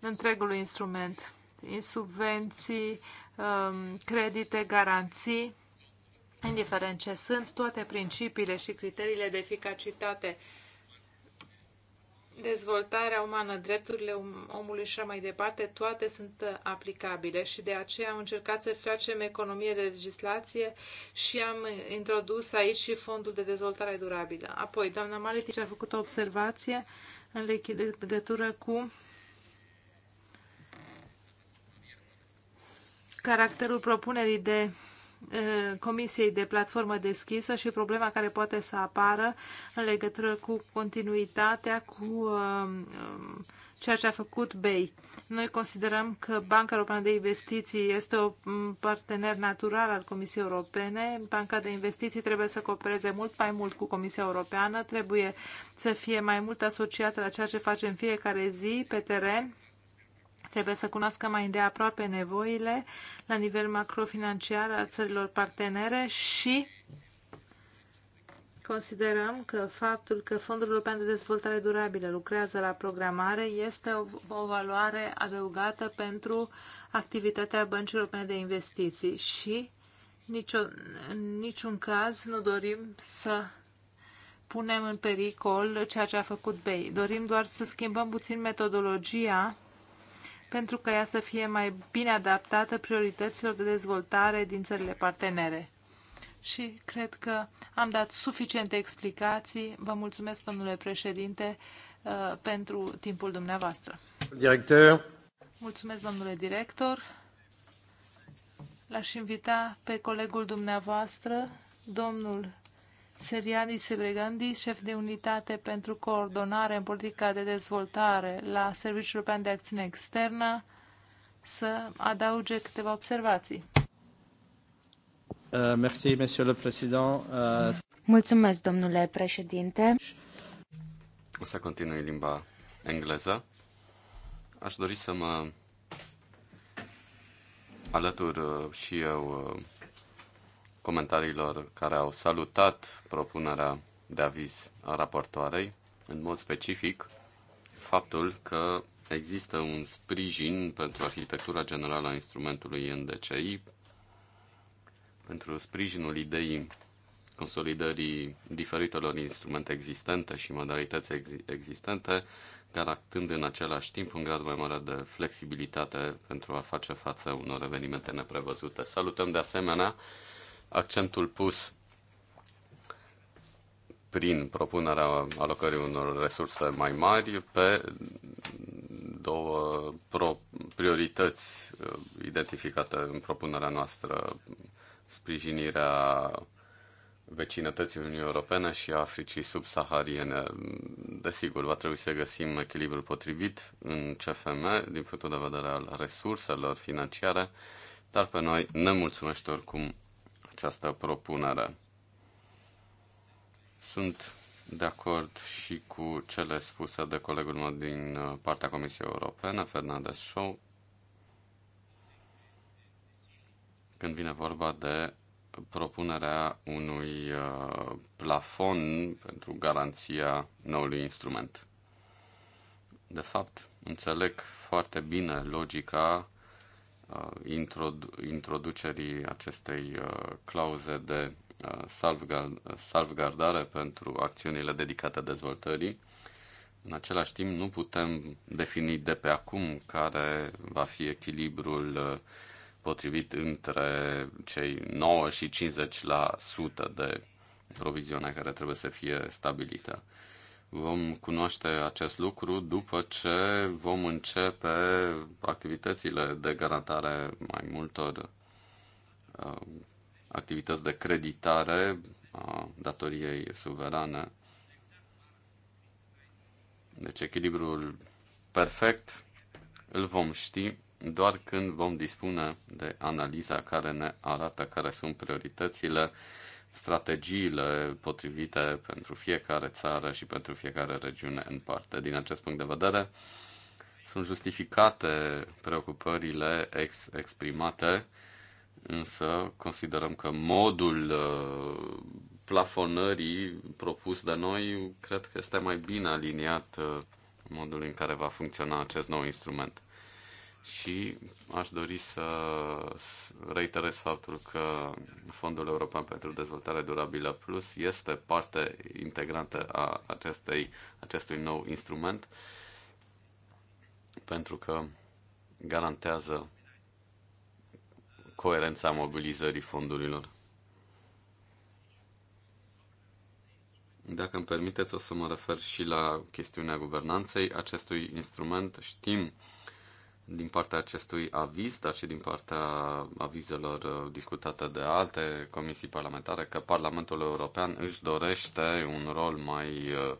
întregului instrument. Insubvenții, um, credite, garanții, indiferent ce sunt, toate principiile și criteriile de eficacitate dezvoltarea umană, drepturile um-, omului și așa mai departe, toate sunt uh, aplicabile și de aceea am încercat să facem economie de legislație și am uh, introdus aici și fondul de dezvoltare durabilă. Apoi, doamna Maletici a făcut o observație în legătură cu caracterul propunerii de Eh, comisiei de Platformă Deschisă și problema care poate să apară în legătură cu continuitatea, cu eh, ceea ce a făcut BEI. Noi considerăm că Banca Europeană de Investiții este un mm, partener natural al Comisiei Europene. Banca de Investiții trebuie să coopereze mult mai mult cu Comisia Europeană, trebuie să fie mai mult asociată la ceea ce face în fiecare zi pe teren Trebuie să cunoască mai îndeaproape nevoile la nivel macrofinanciar a țărilor partenere și Considerăm că faptul că Fondul European de Dezvoltare Durabilă lucrează la programare este o, o valoare adăugată pentru activitatea băncii europene de investiții și nicio, în niciun caz nu dorim să punem în pericol ceea ce a făcut BEI. Dorim doar să schimbăm puțin metodologia pentru ca ea să fie mai bine adaptată priorităților de dezvoltare din țările partenere. Și cred că am dat suficiente explicații. Vă mulțumesc, domnule președinte, uh, pentru timpul dumneavoastră. Director. Mulțumesc, domnule director. L-aș invita pe colegul dumneavoastră, domnul Seriani Sebregandi, șef de unitate pentru coordonare în politica de dezvoltare la Serviciul European de Acțiune Externă, să adauge câteva observații. Uh, merci, monsieur le président. Uh... Mulțumesc, domnule președinte. O să continui limba engleză. Aș dori să mă alătur uh, și eu uh, comentariilor care au salutat propunerea de aviz a raportoarei, în mod specific faptul că există un sprijin pentru arhitectura generală a instrumentului NDCI, pentru sprijinul ideii consolidării diferitelor instrumente existente și modalități ex- existente, garantând în același timp un grad mai mare de flexibilitate pentru a face față unor evenimente neprevăzute. Salutăm de asemenea accentul pus prin propunerea alocării unor resurse mai mari pe două pro- priorități uh, identificate în propunerea noastră, sprijinirea vecinătății Uniunii Europene și Africii subsahariene. Desigur, va trebui să găsim echilibrul potrivit în CFM din punctul de vedere al resurselor financiare, dar pe noi ne mulțumește oricum această propunere. Sunt de acord și cu cele spuse de colegul meu din uh, partea Comisiei Europene, Fernandez Show, când vine vorba de propunerea unui uh, plafon pentru garanția noului instrument. De fapt, înțeleg foarte bine logica Uh, introducerii acestei uh, clauze de uh, salvgardare pentru acțiunile dedicate dezvoltării. În același timp, nu putem defini de pe acum care va fi echilibrul potrivit între cei 9 și 50% de proviziune care trebuie să fie stabilită. Vom cunoaște acest lucru după ce vom începe activitățile de garantare mai multor uh, activități de creditare a datoriei suverane. Deci echilibrul perfect îl vom ști doar când vom dispune de analiza care ne arată care sunt prioritățile strategiile potrivite pentru fiecare țară și pentru fiecare regiune în parte. Din acest punct de vedere, sunt justificate preocupările ex- exprimate, însă considerăm că modul uh, plafonării propus de noi cred că este mai bine aliniat uh, modul în care va funcționa acest nou instrument și aș dori să reiterez faptul că Fondul European pentru Dezvoltare Durabilă Plus este parte integrantă a acestei, acestui nou instrument pentru că garantează coerența mobilizării fondurilor. Dacă îmi permiteți, o să mă refer și la chestiunea guvernanței acestui instrument. Știm din partea acestui aviz, dar și din partea avizelor uh, discutate de alte comisii parlamentare, că Parlamentul European își dorește un rol mai uh,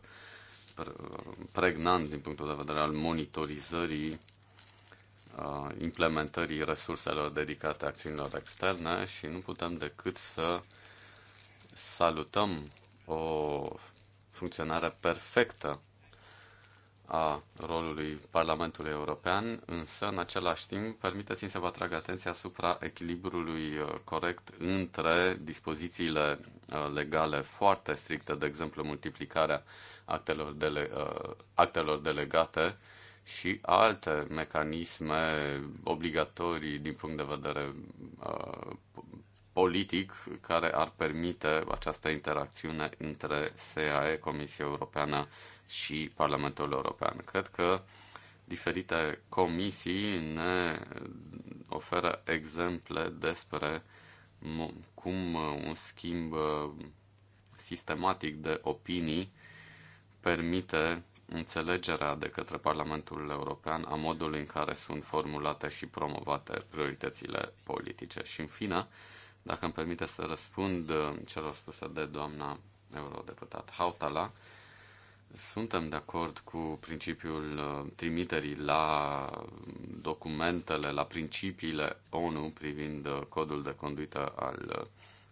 pregnant din punctul de vedere al monitorizării uh, implementării resurselor dedicate acțiunilor externe și nu putem decât să salutăm o funcționare perfectă a rolului Parlamentului European, însă, în același timp, permiteți-mi să vă atrag atenția asupra echilibrului uh, corect între dispozițiile uh, legale foarte stricte, de exemplu, multiplicarea actelor, dele, uh, actelor delegate și alte mecanisme obligatorii din punct de vedere politic care ar permite această interacțiune între SAE, Comisia Europeană, și Parlamentul European. Cred că diferite comisii ne oferă exemple despre cum uh, un schimb uh, sistematic de opinii permite înțelegerea de către Parlamentul European a modului în care sunt formulate și promovate prioritățile politice. Și în fine, dacă îmi permite să răspund uh, celor spuse de doamna eurodeputat Hautala, suntem de acord cu principiul uh, trimiterii la documentele, la principiile ONU privind uh, codul de conduită al uh,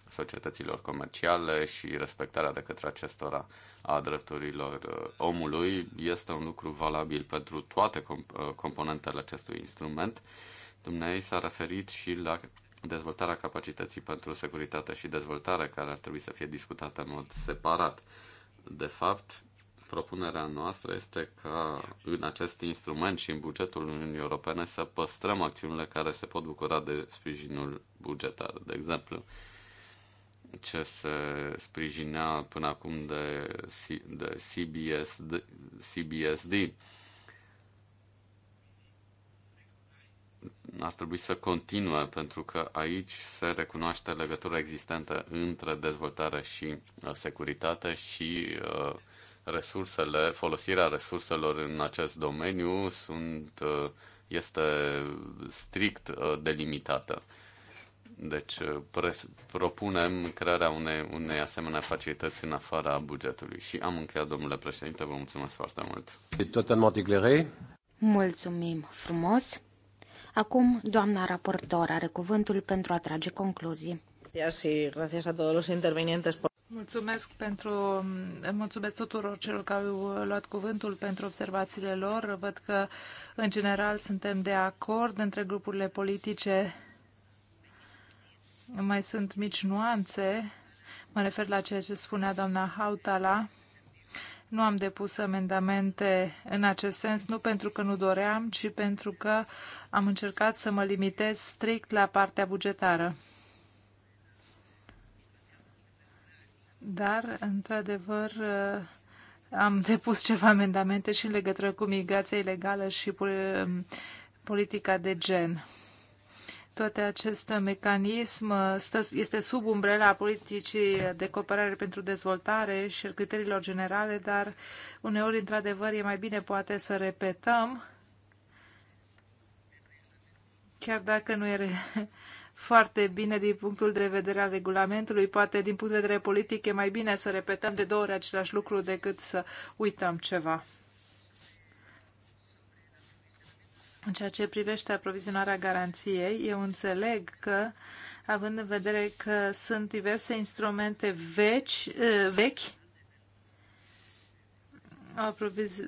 societăților comerciale și respectarea de către acestora a drepturilor omului este un lucru valabil pentru toate comp- componentele acestui instrument. Dumnezeu s-a referit și la dezvoltarea capacității pentru securitate și dezvoltare, care ar trebui să fie discutată în mod separat. De fapt, Propunerea noastră este ca în acest instrument și în bugetul Uniunii Europene să păstrăm acțiunile care se pot bucura de sprijinul bugetar. De exemplu, ce se sprijinea până acum de, C- de CBSD, CBSD. Ar trebui să continue, pentru că aici se recunoaște legătura existentă între dezvoltare și uh, securitate și uh, resursele, folosirea resurselor în acest domeniu sunt, uh, este strict uh, delimitată. Deci uh, propunem crearea unei, unei asemenea facilități în afara bugetului. Și am încheiat, domnule președinte, vă mulțumesc foarte mult. Totalmente éclairé. Mulțumim frumos. Acum, doamna raportor are cuvântul pentru a trage concluzii. Gracias și, a todos los intervinientes Mulțumesc pentru, mulțumesc tuturor celor care au luat cuvântul pentru observațiile lor. Văd că, în general, suntem de acord între grupurile politice. Mai sunt mici nuanțe. Mă refer la ceea ce spunea doamna Hautala. Nu am depus amendamente în acest sens, nu pentru că nu doream, ci pentru că am încercat să mă limitez strict la partea bugetară. Dar, într-adevăr, am depus ceva amendamente și în legătură cu migrația ilegală și um, politica de gen toate acest mecanism uh, este sub umbrela politicii de cooperare pentru dezvoltare și criteriilor generale, dar uneori, într-adevăr, e mai bine poate să repetăm, chiar dacă nu e foarte bine din punctul de vedere al regulamentului. Poate din punct de vedere politic e mai bine să repetăm de două ori același lucru decât să uităm ceva. În ceea ce privește aprovizionarea garanției, eu înțeleg că, având în vedere că sunt diverse instrumente veci, eh, vechi, aproviz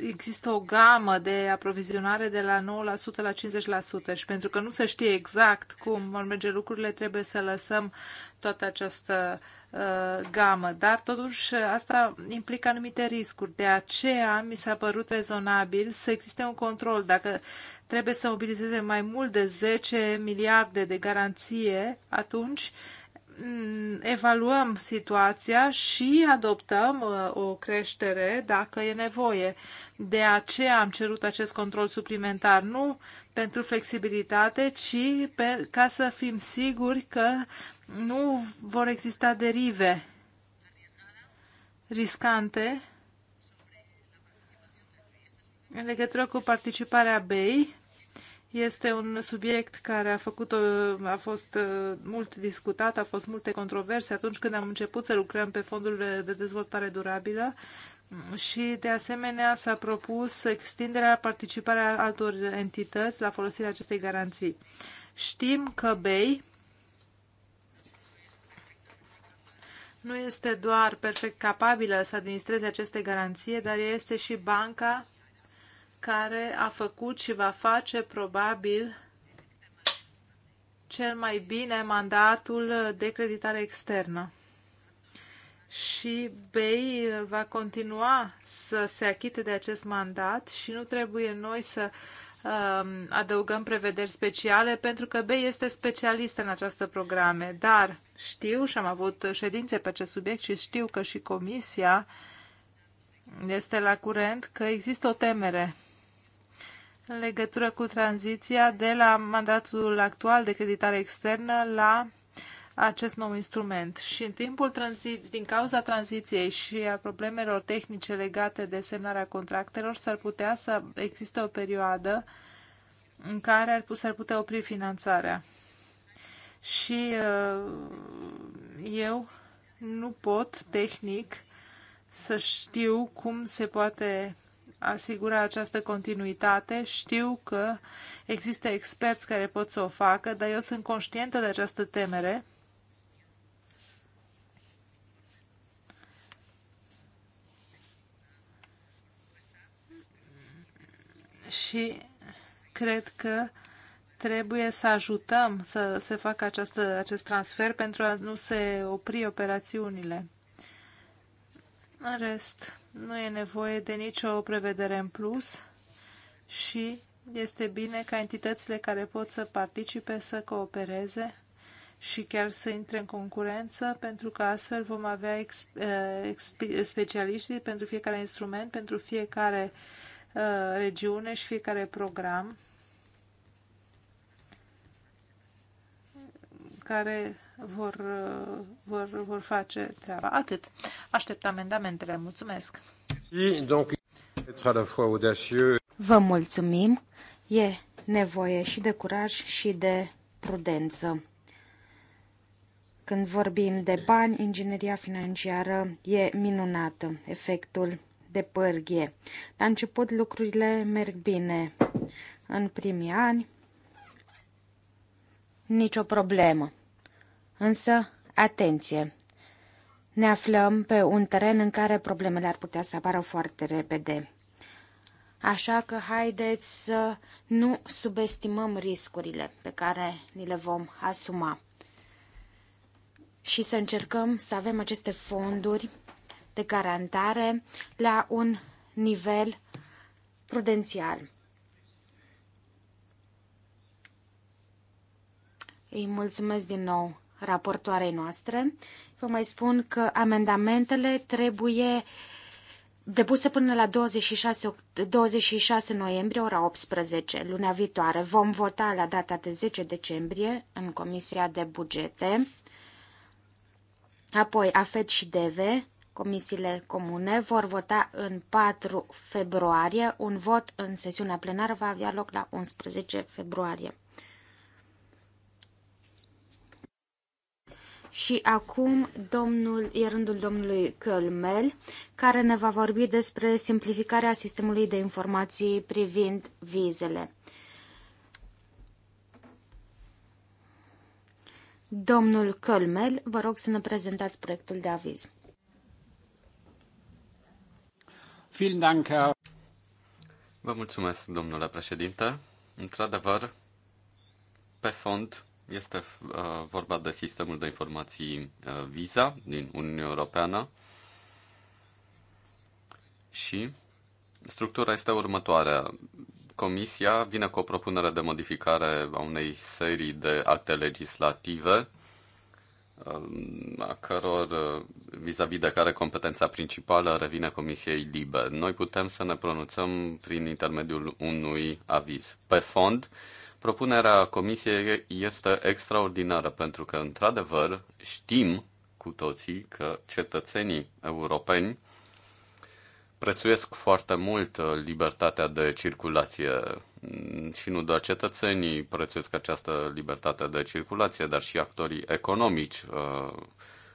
există o gamă de aprovizionare de la 9% la 50% și pentru că nu se știe exact cum vor merge lucrurile, trebuie să lăsăm toată această uh, gamă. Dar totuși asta implică anumite riscuri. De aceea mi s-a părut rezonabil să existe un control. Dacă trebuie să mobilizeze mai mult de 10 miliarde de garanție, atunci uh, Mm, evaluăm situația și adoptăm uh, o creștere dacă e nevoie. De aceea am cerut acest control suplimentar, nu pentru flexibilitate, ci pe, ca să fim siguri că nu vor exista derive riscante în legătură cu participarea BEI este un subiect care a, făcut, uh, a fost uh, mult discutat, a fost multe controverse atunci când am început să lucrăm pe fondul de dezvoltare durabilă și, de asemenea, s-a propus extinderea participarea altor entități la folosirea acestei garanții. Știm că BEI nu este doar perfect capabilă să administreze aceste garanții, dar este și banca care a făcut și va face probabil cel mai bine mandatul de creditare externă. Și BEI va continua să se achite de acest mandat și nu trebuie noi să um, adăugăm prevederi speciale, pentru că BEI este specialist în această programe. Dar știu și am avut ședințe pe acest subiect și știu că și Comisia este la curent că există o temere în legătură cu tranziția de la mandatul actual de creditare externă la acest nou instrument. Și în timpul tranziției, din cauza tranziției și a problemelor tehnice legate de semnarea contractelor, s-ar putea să existe o perioadă în care s-ar putea opri finanțarea. Și uh, eu nu pot tehnic să știu cum se poate asigura această continuitate. Știu că există experți care pot să o facă, dar eu sunt conștientă de această temere. Și cred că trebuie să ajutăm să se facă această, acest transfer pentru a nu se opri operațiunile. În rest, nu e nevoie de nicio prevedere în plus și este bine ca entitățile care pot să participe să coopereze și chiar să intre în concurență, pentru că astfel vom avea eh, specialiștii specialiști pentru fiecare instrument, pentru fiecare eh, regiune și fiecare program care vor, vor, vor face treaba. Atât. Aștept amendamentele. Mulțumesc. Vă mulțumim. E nevoie și de curaj și de prudență. Când vorbim de bani, ingineria financiară e minunată, efectul de pârghie. La început lucrurile merg bine. În primii ani, nicio problemă. Însă, atenție! Ne aflăm pe un teren în care problemele ar putea să apară foarte repede. Așa că haideți să nu subestimăm riscurile pe care ni le vom asuma și să încercăm să avem aceste fonduri de garantare la un nivel prudențial. Îi mulțumesc din nou raportoarei noastre. Vă mai spun că amendamentele trebuie depuse până la 26, 26 noiembrie, ora 18, luna viitoare. Vom vota la data de 10 decembrie în Comisia de Bugete, apoi AFED și DEVE, Comisiile comune vor vota în 4 februarie. Un vot în sesiunea plenară va avea loc la 11 februarie. Și acum domnul, e rândul domnului Călmel, care ne va vorbi despre simplificarea sistemului de informații privind vizele. Domnul Călmel, vă rog să ne prezentați proiectul de aviz. Vă mulțumesc, domnule președinte. Într-adevăr, pe fond, este uh, vorba de sistemul de informații uh, Visa din Uniunea Europeană și structura este următoarea. Comisia vine cu o propunere de modificare a unei serii de acte legislative Um, a căror, uh, vis-a-vis de care competența principală revine Comisiei Libe. Noi putem să ne pronunțăm prin intermediul unui aviz. Pe fond, propunerea Comisiei este extraordinară, pentru că, într-adevăr, știm cu toții că cetățenii europeni prețuiesc foarte mult uh, libertatea de circulație Mm, și nu doar cetățenii prețuiesc această libertate de circulație, dar și actorii economici uh,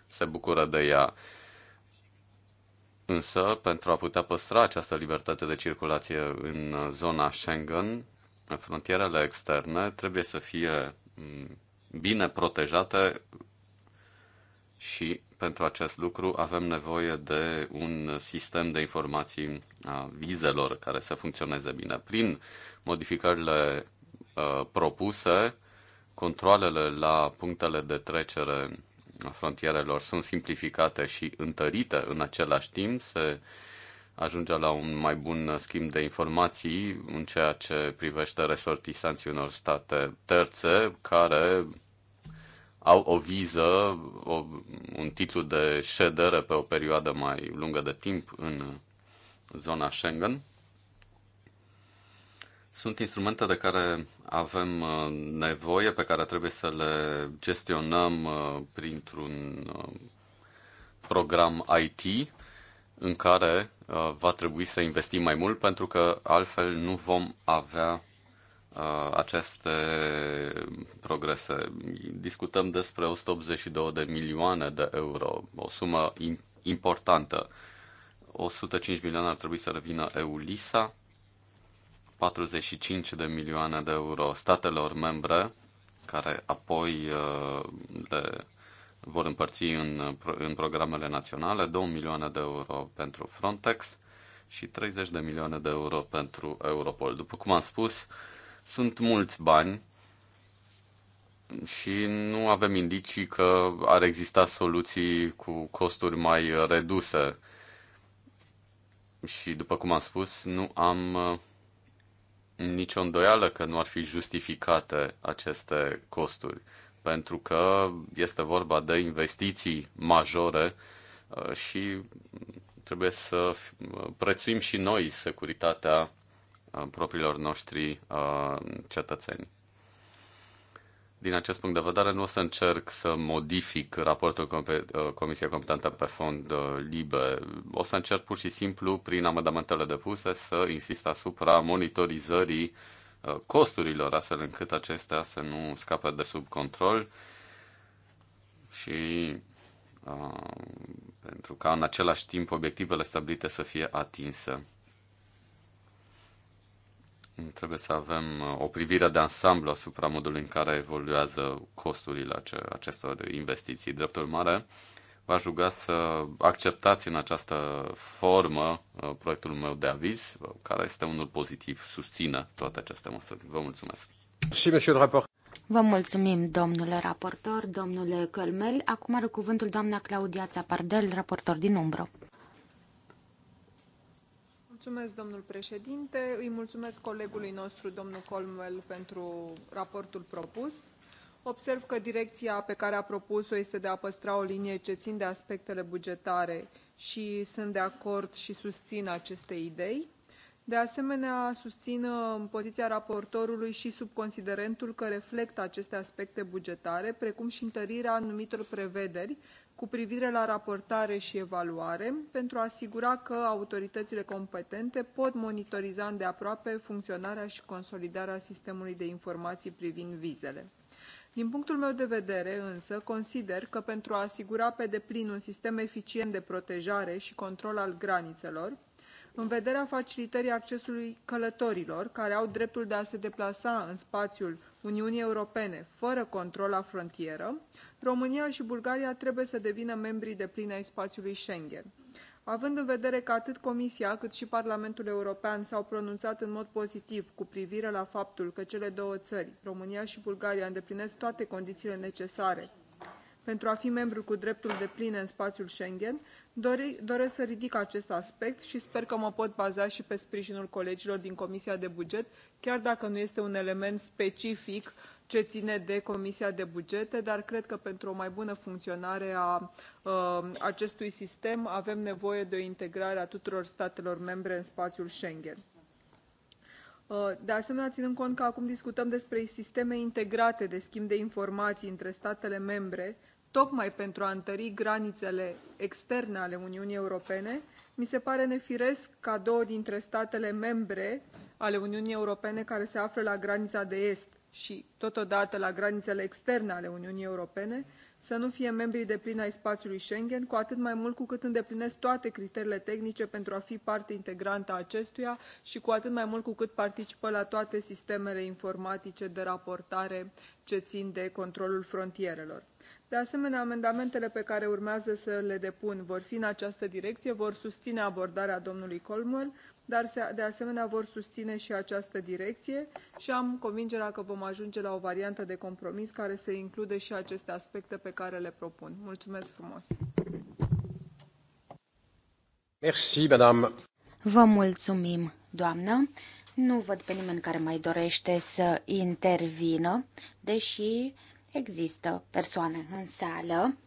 se bucură de ea. Însă, pentru a putea păstra această libertate de circulație în zona Schengen, frontierele externe trebuie să fie mm, bine protejate și pentru acest lucru avem nevoie de un sistem de informații a vizelor care să funcționeze bine. Prin modificările uh, propuse, controlele la punctele de trecere a frontierelor sunt simplificate și întărite în același timp, se ajunge la un mai bun schimb de informații în ceea ce privește resortisanții unor state terțe care au o viză, o, un titlu de ședere pe o perioadă mai lungă de timp în zona Schengen. Sunt instrumente de care avem uh, nevoie, pe care trebuie să le gestionăm uh, printr-un uh, program IT în care va trebui să investim mai mult pentru că altfel nu vom avea aceste progrese. Discutăm despre 182 de milioane de euro, o sumă importantă. 105 milioane ar trebui să revină EULISA, 45 de milioane de euro statelor membre, care apoi le vor împărți în, în programele naționale, 2 milioane de euro pentru Frontex și 30 de milioane de euro pentru Europol. După cum am spus, uh, sunt mulți bani și nu avem indicii că ar exista soluții cu costuri mai uh, reduse. Și după cum am spus, nu am uh, nicio îndoială că nu ar fi justificate aceste costuri, pentru că este vorba de investiții majore uh, și trebuie să prețuim și noi securitatea Uh, propriilor noștri uh, cetățeni. Din acest punct de vedere, nu o să încerc să modific raportul uh, Comisiei Competente pe fond liber. O să încerc pur și simplu, prin amendamentele depuse, să insist asupra monitorizării costurilor, astfel încât acestea să nu scape de sub control și uh, pentru ca în același timp obiectivele stabilite să fie atinse trebuie să avem uh, o privire de ansamblu asupra modului în care evoluează costurile acestor investiții. Drept urmare, v-aș ruga să acceptați în această formă uh, proiectul meu de aviz, uh, care este unul pozitiv, susține toate aceste măsuri. Vă mulțumesc! Și, raport. Vă mulțumim, domnule raportor, domnule Călmel. Acum are cuvântul doamna Claudia Țapardel, raportor din Umbro. Mulțumesc, domnul președinte. Îi mulțumesc colegului nostru, domnul Colmel, pentru raportul propus. Observ că direcția pe care a propus-o este de a păstra o linie ce țin de aspectele bugetare și sunt de acord și susțin aceste idei. De asemenea, susțin uh, poziția raportorului și subconsiderentul că reflectă aceste aspecte bugetare, precum și întărirea anumitor prevederi cu privire la raportare și evaluare pentru a asigura că autoritățile competente pot monitoriza îndeaproape funcționarea și consolidarea sistemului de informații privind vizele. Din punctul meu de vedere, însă, consider că pentru a asigura pe deplin un sistem eficient de protejare și control al granițelor, în vederea facilitării accesului călătorilor care au dreptul de a se deplasa în spațiul Uniunii Europene fără control la frontieră, România și Bulgaria trebuie să devină membri plin ai spațiului Schengen. Având în vedere că atât Comisia cât și Parlamentul European s-au pronunțat în mod pozitiv cu privire la faptul că cele două țări, România și Bulgaria, îndeplinesc toate condițiile necesare pentru a fi membru cu drepturi depline în spațiul Schengen, doresc să ridic acest aspect și sper că mă pot baza și pe sprijinul colegilor din Comisia de Buget, chiar dacă nu este un element specific ce ține de Comisia de Bugete, dar cred că pentru o mai bună funcționare a ă, acestui sistem avem nevoie de o integrare a tuturor statelor membre în spațiul Schengen. Ă, de asemenea, ținând cont că acum discutăm despre sisteme integrate de schimb de informații între statele membre tocmai pentru a întări granițele externe ale Uniunii Europene, mi se pare nefiresc ca două dintre statele membre ale Uniunii Europene care se află la granița de est și, totodată, la granițele externe ale Uniunii Europene, să nu fie membri deplini ai spațiului Schengen, cu atât mai mult cu cât îndeplinesc toate criteriile tehnice pentru a fi parte integrantă a acestuia și cu atât mai mult cu cât participă la toate sistemele informatice de raportare ce țin de controlul frontierelor. De asemenea, amendamentele pe care urmează să le depun vor fi în această direcție, vor susține abordarea domnului Colmel, dar de asemenea vor susține și această direcție și am convingerea că vom ajunge la o variantă de compromis care să includă și aceste aspecte pe care le propun. Mulțumesc frumos! Merci, madame. Vă mulțumim, doamnă. Nu văd pe nimeni care mai dorește să intervină, deși există persoane în sală,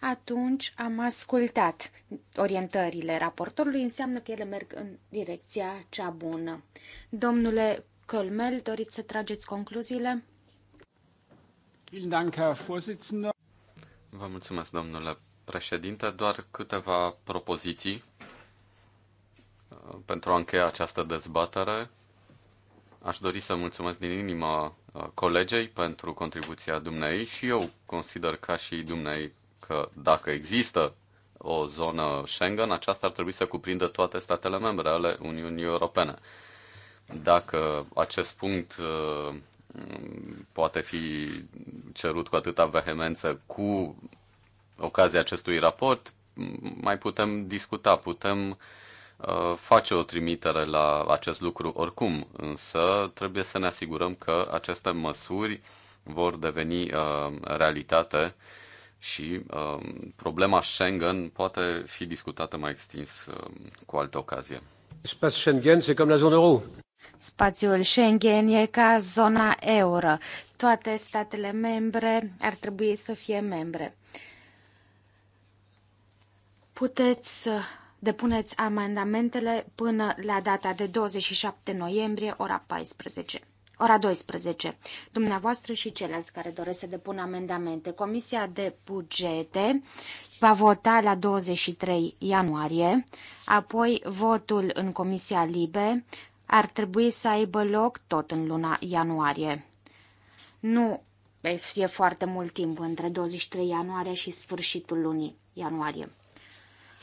atunci am ascultat orientările raportorului, înseamnă că ele merg în direcția cea bună. Domnule Colmel, doriți să trageți concluziile? Vă mulțumesc, domnule președinte. Doar câteva propoziții uh, pentru a încheia această dezbatere. Aș dori să mulțumesc din inimă uh, colegei pentru contribuția dumnei și eu consider ca și dumnei că dacă există o zonă Schengen, aceasta ar trebui să cuprindă toate statele membre ale Uniunii Europene. Dacă acest punct uh, poate fi cerut cu atâta vehemență cu ocazia acestui raport, mai putem discuta, putem Uh, face o trimitere la acest lucru oricum, însă trebuie să ne asigurăm că aceste măsuri vor deveni uh, realitate și uh, problema Schengen poate fi discutată mai extins uh, cu altă ocazie. Spațiul Schengen este ca la zona euro. Spațiul Schengen e ca zona euro. Toate statele membre ar trebui să fie membre. Puteți să Depuneți amendamentele până la data de 27 noiembrie, ora 14 ora 12. Dumneavoastră și ceilalți care doresc să depună amendamente. Comisia de bugete va vota la 23 ianuarie, apoi votul în Comisia Libe ar trebui să aibă loc tot în luna ianuarie. Nu e foarte mult timp între 23 ianuarie și sfârșitul lunii ianuarie.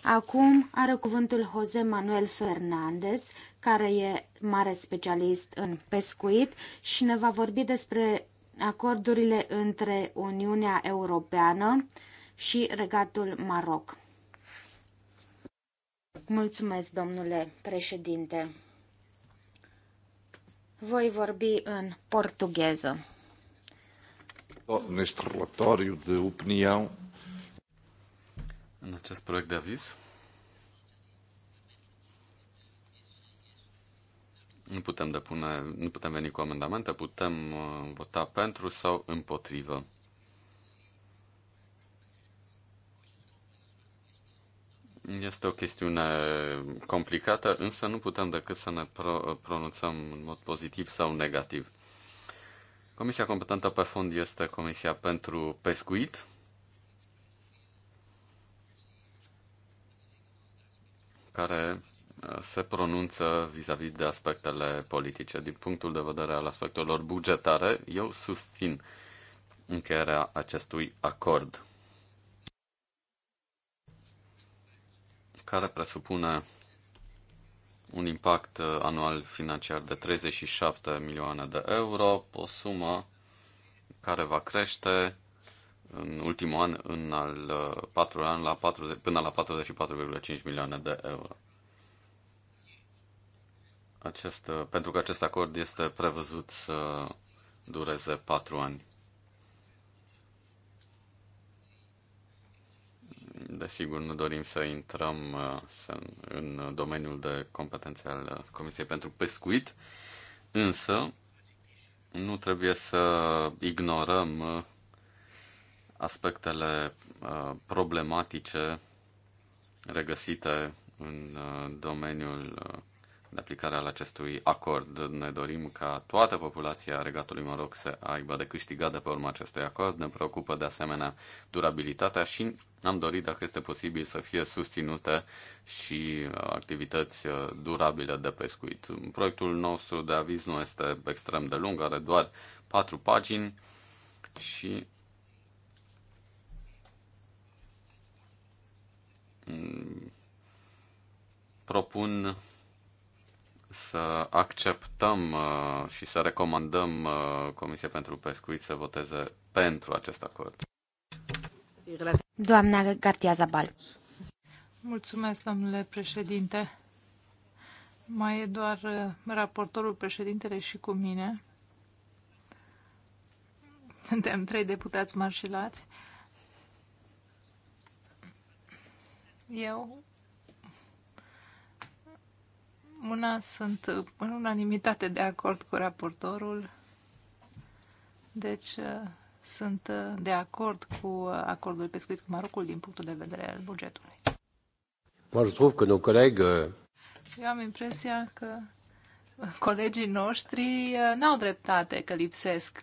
Acum are cuvântul Jose Manuel Fernandez, care e mare specialist în pescuit și ne va vorbi despre acordurile între Uniunea Europeană și regatul Maroc. Mulțumesc, domnule președinte. Voi vorbi în portugheză. Neste relatório de opinião în acest proiect de aviz. Nu putem depune, nu putem veni cu amendamente, putem uh, vota pentru sau împotrivă. Este o chestiune complicată, însă nu putem decât să ne pro- uh, pronunțăm în mod pozitiv sau negativ. Comisia competentă pe fond este Comisia pentru Pescuit. care uh, se pronunță vis-a-vis -vis de aspectele politice. Din punctul de vedere al aspectelor bugetare, eu susțin încheierea acestui acord care presupune un impact uh, anual financiar de 37 milioane de euro, o sumă care va crește în ultimul an, în al uh, patrulea an, la 40, până la 44,5 milioane de euro. Acest, uh, pentru că acest acord este prevăzut să dureze 4 ani. Desigur, nu dorim să intrăm uh, să, în domeniul de competențe al Comisiei pentru Pescuit, însă nu trebuie să ignorăm aspectele uh, problematice regăsite în uh, domeniul uh, de aplicare al acestui acord. Ne dorim ca toată populația Regatului Maroc să aibă de câștigat de pe urma acestui acord. Ne preocupă de asemenea durabilitatea și am dorit, dacă este posibil, să fie susținute și activități durabile de pescuit. Proiectul nostru de aviz nu este extrem de lung, are doar patru pagini și propun să acceptăm uh, și să recomandăm uh, Comisia pentru Pescuit să voteze pentru acest acord. Doamna Gartia Zabal. Mulțumesc, domnule președinte. Mai e doar uh, raportorul președintele și cu mine. Suntem trei deputați marșilați. Uh, Eu una sunt în unanimitate de acord cu raportorul, deci uh, sunt uh, de acord cu uh, acordul pescuit cu Marocul din punctul de vedere al bugetului. Euh, Eu am impresia că colegii noștri n-au dreptate că lipsesc.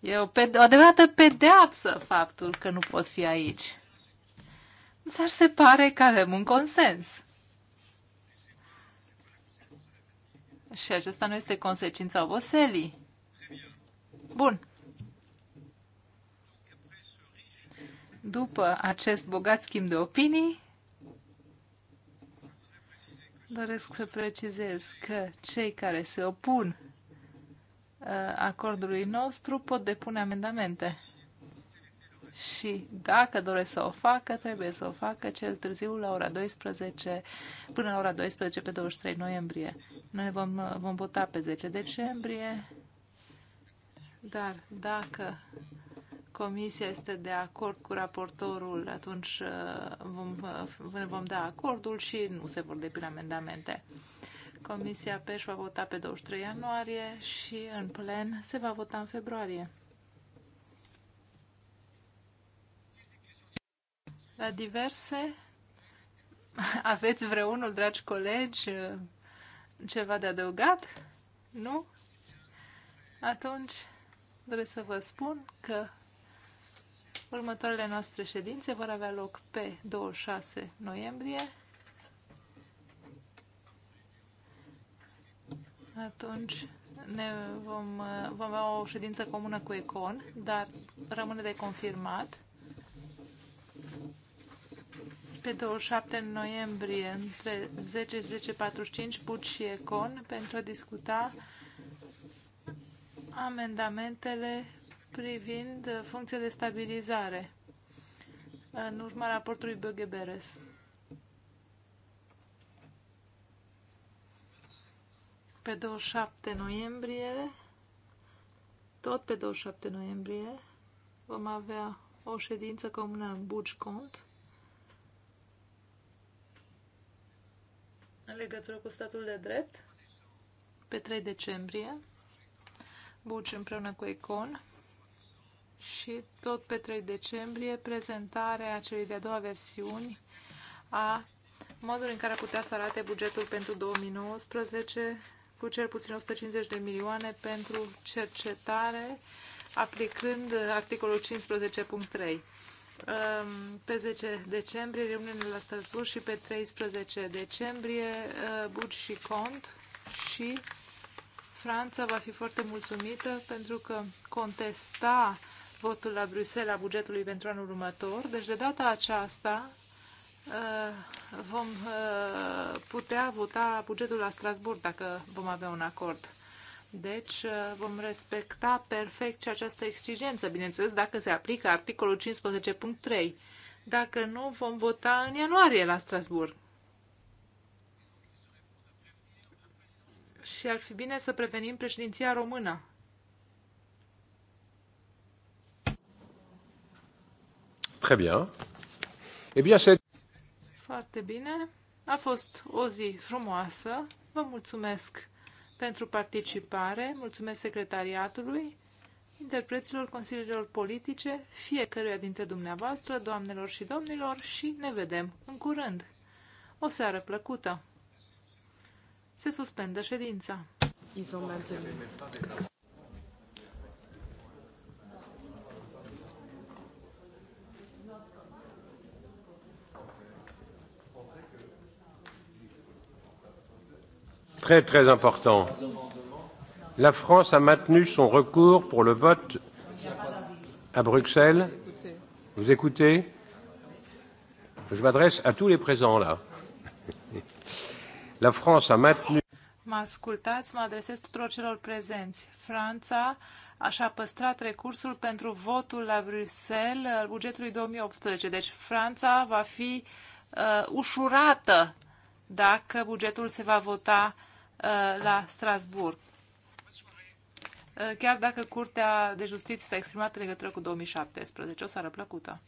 E o, pe- o adevărată pedeapsă faptul că nu pot fi aici. Dar se pare că avem un consens. Și acesta nu este consecința oboselii. Bun. După acest bogat schimb de opinii, doresc să precizez că cei care se opun uh, acordului nostru pot depune amendamente și dacă doresc să o facă, trebuie să o facă cel târziu la ora 12, până la ora 12 pe 23 noiembrie. Noi vom, vom vota pe 10 decembrie, dar dacă comisia este de acord cu raportorul, atunci uh, vom, uh, vom da acordul și nu se vor depune amendamente. Comisia PEș va vota pe 23 ianuarie și în plen se va vota în februarie. La diverse, aveți vreunul, dragi colegi, ceva de adăugat? Nu? Atunci, doresc să vă spun că următoarele noastre ședințe vor avea loc pe 26 noiembrie. Atunci ne vom, vom avea o ședință comună cu Econ, dar rămâne de confirmat pe 27 noiembrie între 10 și 10.45 Bud și Econ pentru a discuta amendamentele privind funcția de stabilizare în urma raportului Bögeberes. Pe 27 noiembrie, tot pe 27 noiembrie, vom avea o ședință comună în Bugi Cont în legătură cu statul de drept pe 3 decembrie, Buci împreună cu Econ și tot pe 3 decembrie prezentarea celei de-a doua versiuni a modului în care putea să arate bugetul pentru 2019 cu cel puțin 150 de milioane pentru cercetare, aplicând articolul 15.3 pe 10 decembrie, reuniune la Strasburg și pe 13 decembrie, uh, Buci și Cont și Franța va fi foarte mulțumită pentru că contesta votul la Bruxelles a bugetului pentru anul următor. Deci de data aceasta uh, vom uh, putea vota bugetul la Strasburg dacă vom avea un acord. Deci uh, vom respecta perfect și această exigență, bineînțeles, dacă se aplică articolul 15.3. Dacă nu, vom vota în ianuarie la Strasburg. Și ar fi bine să prevenim președinția română. Très bien. Eh bien, c'est... Foarte bine. A fost o zi frumoasă. Vă mulțumesc pentru participare, mulțumesc secretariatului, interpreților consilierilor politice, fiecăruia dintre dumneavoastră, doamnelor și domnilor, și ne vedem în curând. O seară plăcută! Se suspendă ședința. très très important. La France a maintenu son recours pour le vote à Bruxelles. Vous écoutez Je m'adresse à tous les présents là. La France a maintenu. Mă ascultați, mă adresez tuturor celor prezenți. Franța așa a păstrat recursul pentru votul la Bruxelles al bugetului 2018. Deci Franța va fi uh, ușurată dacă bugetul se va vota uh, Uh, la Strasburg. Uh, chiar dacă Curtea de Justiție s-a exprimat în legătură cu 2017, o seară plăcută.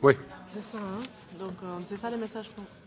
Oui. C'est ça, hein? Donc euh, c'est ça les messages qu'on